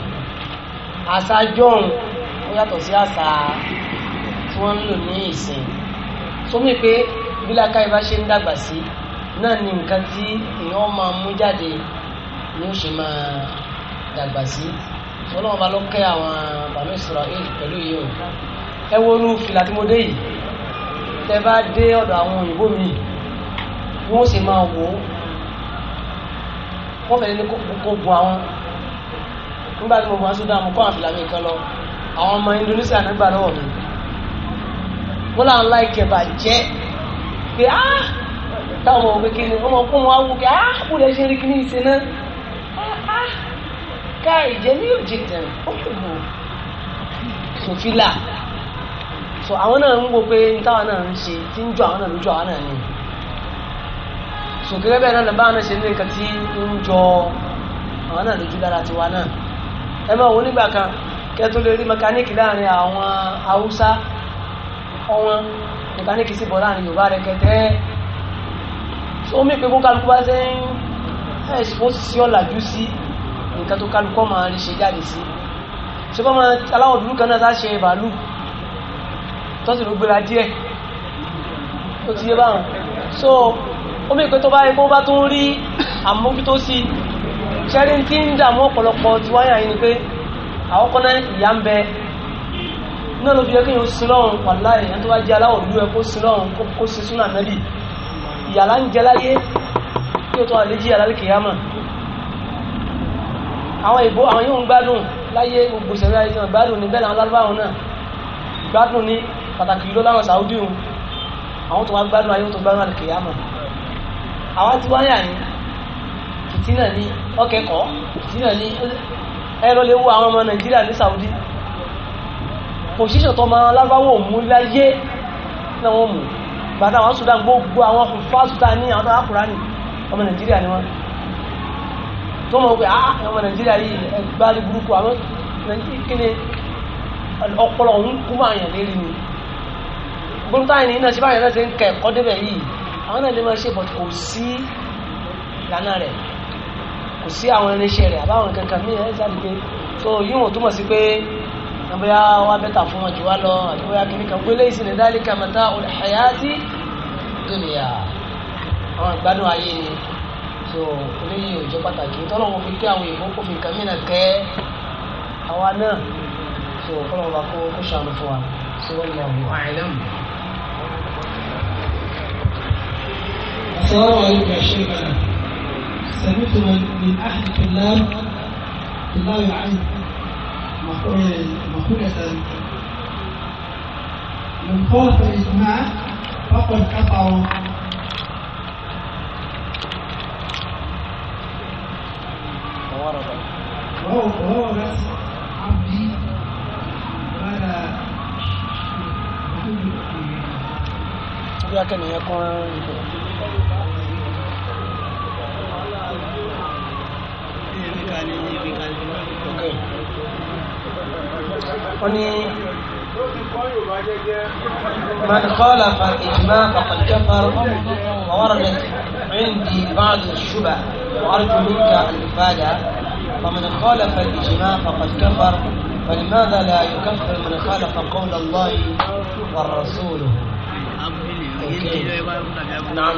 àṣà jọ̀hún tó yàtọ̀ sí àṣà tí wọ́n ń lò ní ìsìn tó mú pé bí làákàyè bá ṣe ń dàgbà sí náà ni nǹkan tí èèyàn máa mú jáde ni ó ṣe máa dàgbà sí ọlọ́run bá ló kẹ́ àwọn bàánú Ísírẹ́lì pẹ̀lú yìí o ẹ wo irú fìlà tí mo dé yìí tẹ bá dé ọ̀dọ̀ àwọn òyìnbó mi wọ́n ó sì máa wò ó wọ́n fẹ́ẹ́ ní kó gun àwọn nígbà tí mo bọ̀ wá sódà mo kọ́ àwọn fìlà mi kan lọ àwọn ọmọ Indonesia ní gbà lọ́wọ́ mi wọ́n là ń la ìkẹ̀bà jẹ́ pé á ah! táwọn ọmọ kékeré ọmọ kún wọn wú pé á kú lè ṣe kí ní ìṣe náà á ah, ah! ká ìjẹ́ ní òjì tẹ̀rẹ̀ ó kò so àwọn náà ń wo pé táwọn náà ń ṣe tí ń jọ àwọn náà lójú àwọn náà ni so bẹ́ẹ̀ náà náà ṣe ní nǹkan tí ń jọ àwọn náà lójú tiwa náà kẹ́tún lè rí mẹkáníìkì láàrin àwọn haúsá ọwọ́n mẹkáníìkì sí bọ̀ láàrin yorùbá rẹ̀ kẹtẹ́ so ó mì pé kó kálukú bá ṣe ń expose sí ọ̀làjú sí nǹkan tó kálukú ọmọ rí ṣe jáde sí ṣùgbọ́n máa aláwọ̀ dúdú kan náà sá ṣe bàálù tọ́sí ló gbéra díẹ̀ ó ti yé báwọn so ó mì pé tó bá rí kó bá tún rí àmójútó sí ṣẹ́rí tí ń dààmú ọ̀pọ̀lọpọ̀ tiwáyà yìí ni pé àwọn kọ́nà ìyá ń bẹ náà ló fi ẹkẹ́ yóò sin lọ́run pàlá èèyàn tó bá jẹ́ aláwọ̀ lú ẹ kó sin lọ́run kó sin súnà nẹ́bì ìyàlá ń jẹ láyé kí o tó wà léjì yàrá lókè yàmà àwọn ìbò àwọn yóò ń gbádùn láyé gbogbo ìṣẹ̀lẹ̀ ayé náà gbádùn ní bẹ́ẹ̀ làwọn lárúbáwọn náà ẹ̀rọ lè wo àwọn ọmọ nàìjíríà ní saudi pòṣíṣàn tó máa lábáwọ̀ mú láyé náà wọ́n mú bàtà àwọn sudan gbogbo àwọn kò fásità ní àwọn akùnrin ní ọmọ nàìjíríà ni wọ́n tó mọ̀ pé ah ọmọ nàìjíríà yìí gbá ní burúkú àwọn nàìjíríà kí ni ọpọlọ òun kú máa yàn lérí ni gbóntáyìn ní iná ṣe báyìí náà ṣe ń kẹ́ ẹ̀kọ́ débẹ̀ yìí àwọn náà lè máa ṣe bọ̀ kò sí lánàá rẹ̀ kò sí àwọn irinṣẹ́ rẹ̀ àbáwọn kankan mí ẹ̀ sáà dìde tó yíwọ̀n sí pé bóyá wá bẹ́tà fún wọn jù wá lọ àti bóyá kìíní gbélé ìsìn ní dálíkà mata'ul hayati àwọn ìgbádùn ayé ni so eléyìí ò jẹ́ pàtàkì tọ́lọ̀ wọn fi kí àwọn èèyàn kó fi nǹkan mìíràn kẹ́ àwa náà so kọ́lọ̀ wa kó kó ṣàánú fún wa so wọ́n lọ wọ àìlẹ́m. Assalamu alaikum ṣe é báyìí. سمعت من أحد الطلاب الله العلم مقولة من خوف الإجماع فقد قطع وهو وهو بس عبدي ولا يا كان يكون ó ní من خالف الإجماع فقد كفر ووردت عندي بعض الشبه وأرجو منك الإفادة ومن خالف الإجماع فقد كفر فلماذا لا يكفر من خالف قول الله والرسول نعم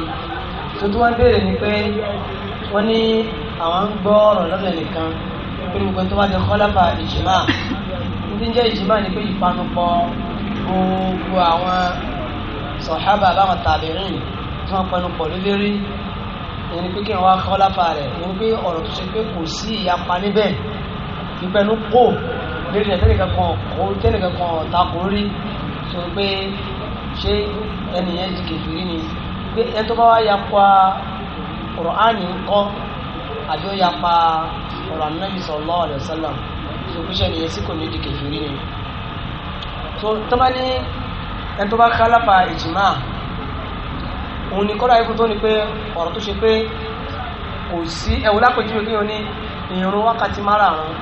tuntun wa béèrè ni pé wọ́n ní àwọn ń gbọ́ ọ̀rọ̀ lọ́dọ̀ nìkan pé gbogbo tó bá ti kọ́lápà ìjìmá ní jẹ́ ìjìmá ni pé ìpanupọ̀ gbogbo àwọn sọ̀hábà báwọn tàbíìn tí wọ́n panupọ̀ lólérí ìyẹn ni pé kí wọ́n kọ́ láfa rẹ̀ ìyẹn ni pé ọ̀rọ̀ tó ṣe pé kò sí ìyapa níbẹ̀ ìpẹnu kò lórí ẹ̀ tẹ́lẹ̀ kankan kò tẹ́lẹ̀ kankan tako rí sọ pé ṣé ẹnìyẹn di kẹfìrí ni pé ẹ tó bá wá yapa ọ̀rọ̀ àní ńkọ́ àbí ó yapa ọ̀rọ̀ ànábì sallallahu alaihi wasallam solution yẹn sí kò ní di kẹfìrí ni so tọ́ba ní ẹni tó bá kálápà ìjìmá òun ni kọ́ra ikú tó ní pé ọ̀rọ̀ tó ṣe pé kò sí ẹ̀wù lápèjúwe kí o ní ìrún wákàtí márààrún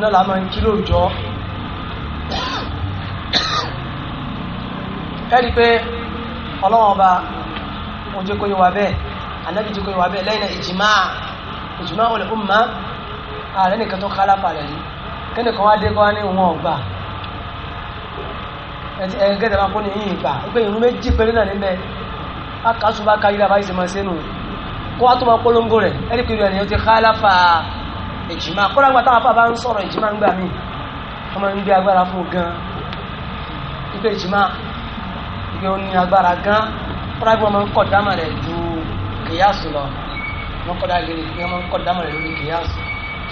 náà la máa ń kí lóòjọ́ ẹ̀rí pé ọlọ́wọ́n ọba ojú kò yẹ wá bẹ́ẹ̀ anábìjú kò yẹ bẹ́ẹ̀ lẹ́yìn ìjìmá ìjìmá olùkọ́ mọ́ ààrẹ nìkan tó kálápà rẹ̀ yìí kẹ́nìkan wá dé kọ́ wá ní wọn ọ̀gbà ẹ̀ẹ́dẹ̀gbẹ̀ta máa kó ní yìnyín gbà pé ìrun méjì péré náà níbẹ̀ akásù bá kájú dábàá ìsìn máa sẹ́nu kó wá tó máa polongo rẹ̀ ẹ̀rí pé ìrìn ẹ̀yọ́ ti kálápà ìjìmá kọ́lá gbà táwọn afábá ń sọ̀rọ̀ ìjìmá ń gbà mí wọ́n máa ń gbé agbára fún gan ipe ìjìmá ipe ó ní agbára gan kọ́lá gbà máa ń kọ̀ dámà rẹ̀ ju kìyàsù lọ wọ́n kọ́lá gbà máa ń kọ̀ dámà rẹ̀ lórí kìyàsù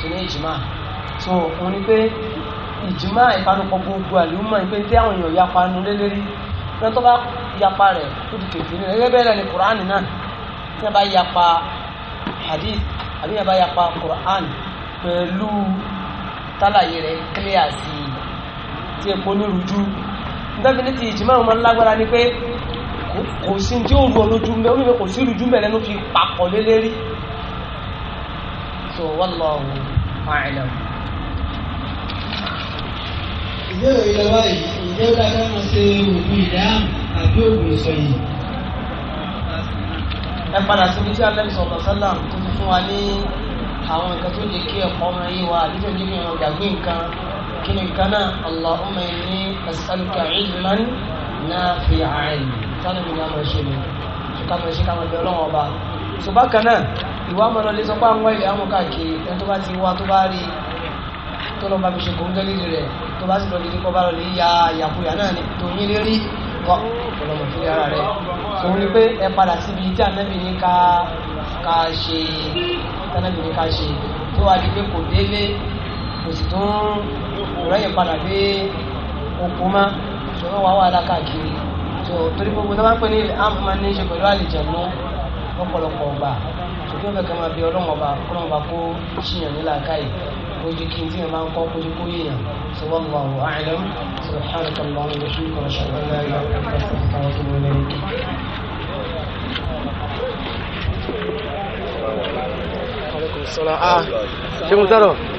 ṣe ìjìmá so òun ni pé ìjìmá ìpanupọ̀ gbogbo àlùmọ̀ ni pé tí àwọn èèyàn yapa nu lélẹ́rí lọ́n tó bá yapa rẹ̀ ó di kèfèrí gẹ́gẹ́ bẹ́ẹ̀ ni kùránì náà tí wọ́n bá yapa hadith àbí wọ́n bá yapa kùránì pẹ̀lú tálàyé rẹ̀ clear sí i tí epo ní rújú nítorí ní ti ìjìmá ọmọ lágbára ni pé kò sí tí ó rú ọ lójú mbẹ́ ó ní pé kò sí rújú mbẹ́ lẹ́nu fi papọ̀ lélẹ́rí so والله a'lam. ìbéèrè ilẹ̀ báyìí ìjẹ́ ká ká máa ṣe oògùn ìdáhùn àbí oògùn ìsọyìn. ẹ padà síbi tí alẹ́ sọ̀rọ̀ sálà tó ti fún wa ní àwọn nǹkan tó lè kí ẹ̀kọ́ ọmọ yìí wá àbí tó lè kí ọjà gbé nǹkan kí ni nǹkan náà allahumma inni as'aluka ilman nafi'an sálẹ̀ mi ni a ṣe mi ká máa ṣe ká máa ọba so bákan náà ìwà mọ̀nà lè sọ pé àwọn ilẹ̀ àwọn káàkiri ẹni tó bá ti wá tó bá rí tó lọ bá fi ṣe kòńgẹ́lì rẹ̀ tó bá sì lọ lè kọ́ lọ lè ya yàkuyà náà ni tó yín lè rí kọ́ ọ̀pọ̀lọpọ̀ tó lè ara rẹ̀ so wọ́n ní pé ẹ padà síbi tí ànábì ní ká ká ṣe ànábì ní ká ṣe tó wá di pé kò wọ́n wá wà lákàkiri so lọ́pọ̀lọpọ̀ ọgbà ṣùgbọ́n bẹ́ẹ̀ máa bí ọlọ́run ọba ọlọ́run ọba kó ṣìyàn ní làákàyè kó kí n tí yẹn máa ń kọ́ kó kó yéèyàn sọ́wọ́n lọ àwọn àìlẹ́m sọ̀rọ̀ kan lọ́wọ́ ní oṣù kan ṣàlọ́ láyé ṣé mo sọ̀rọ̀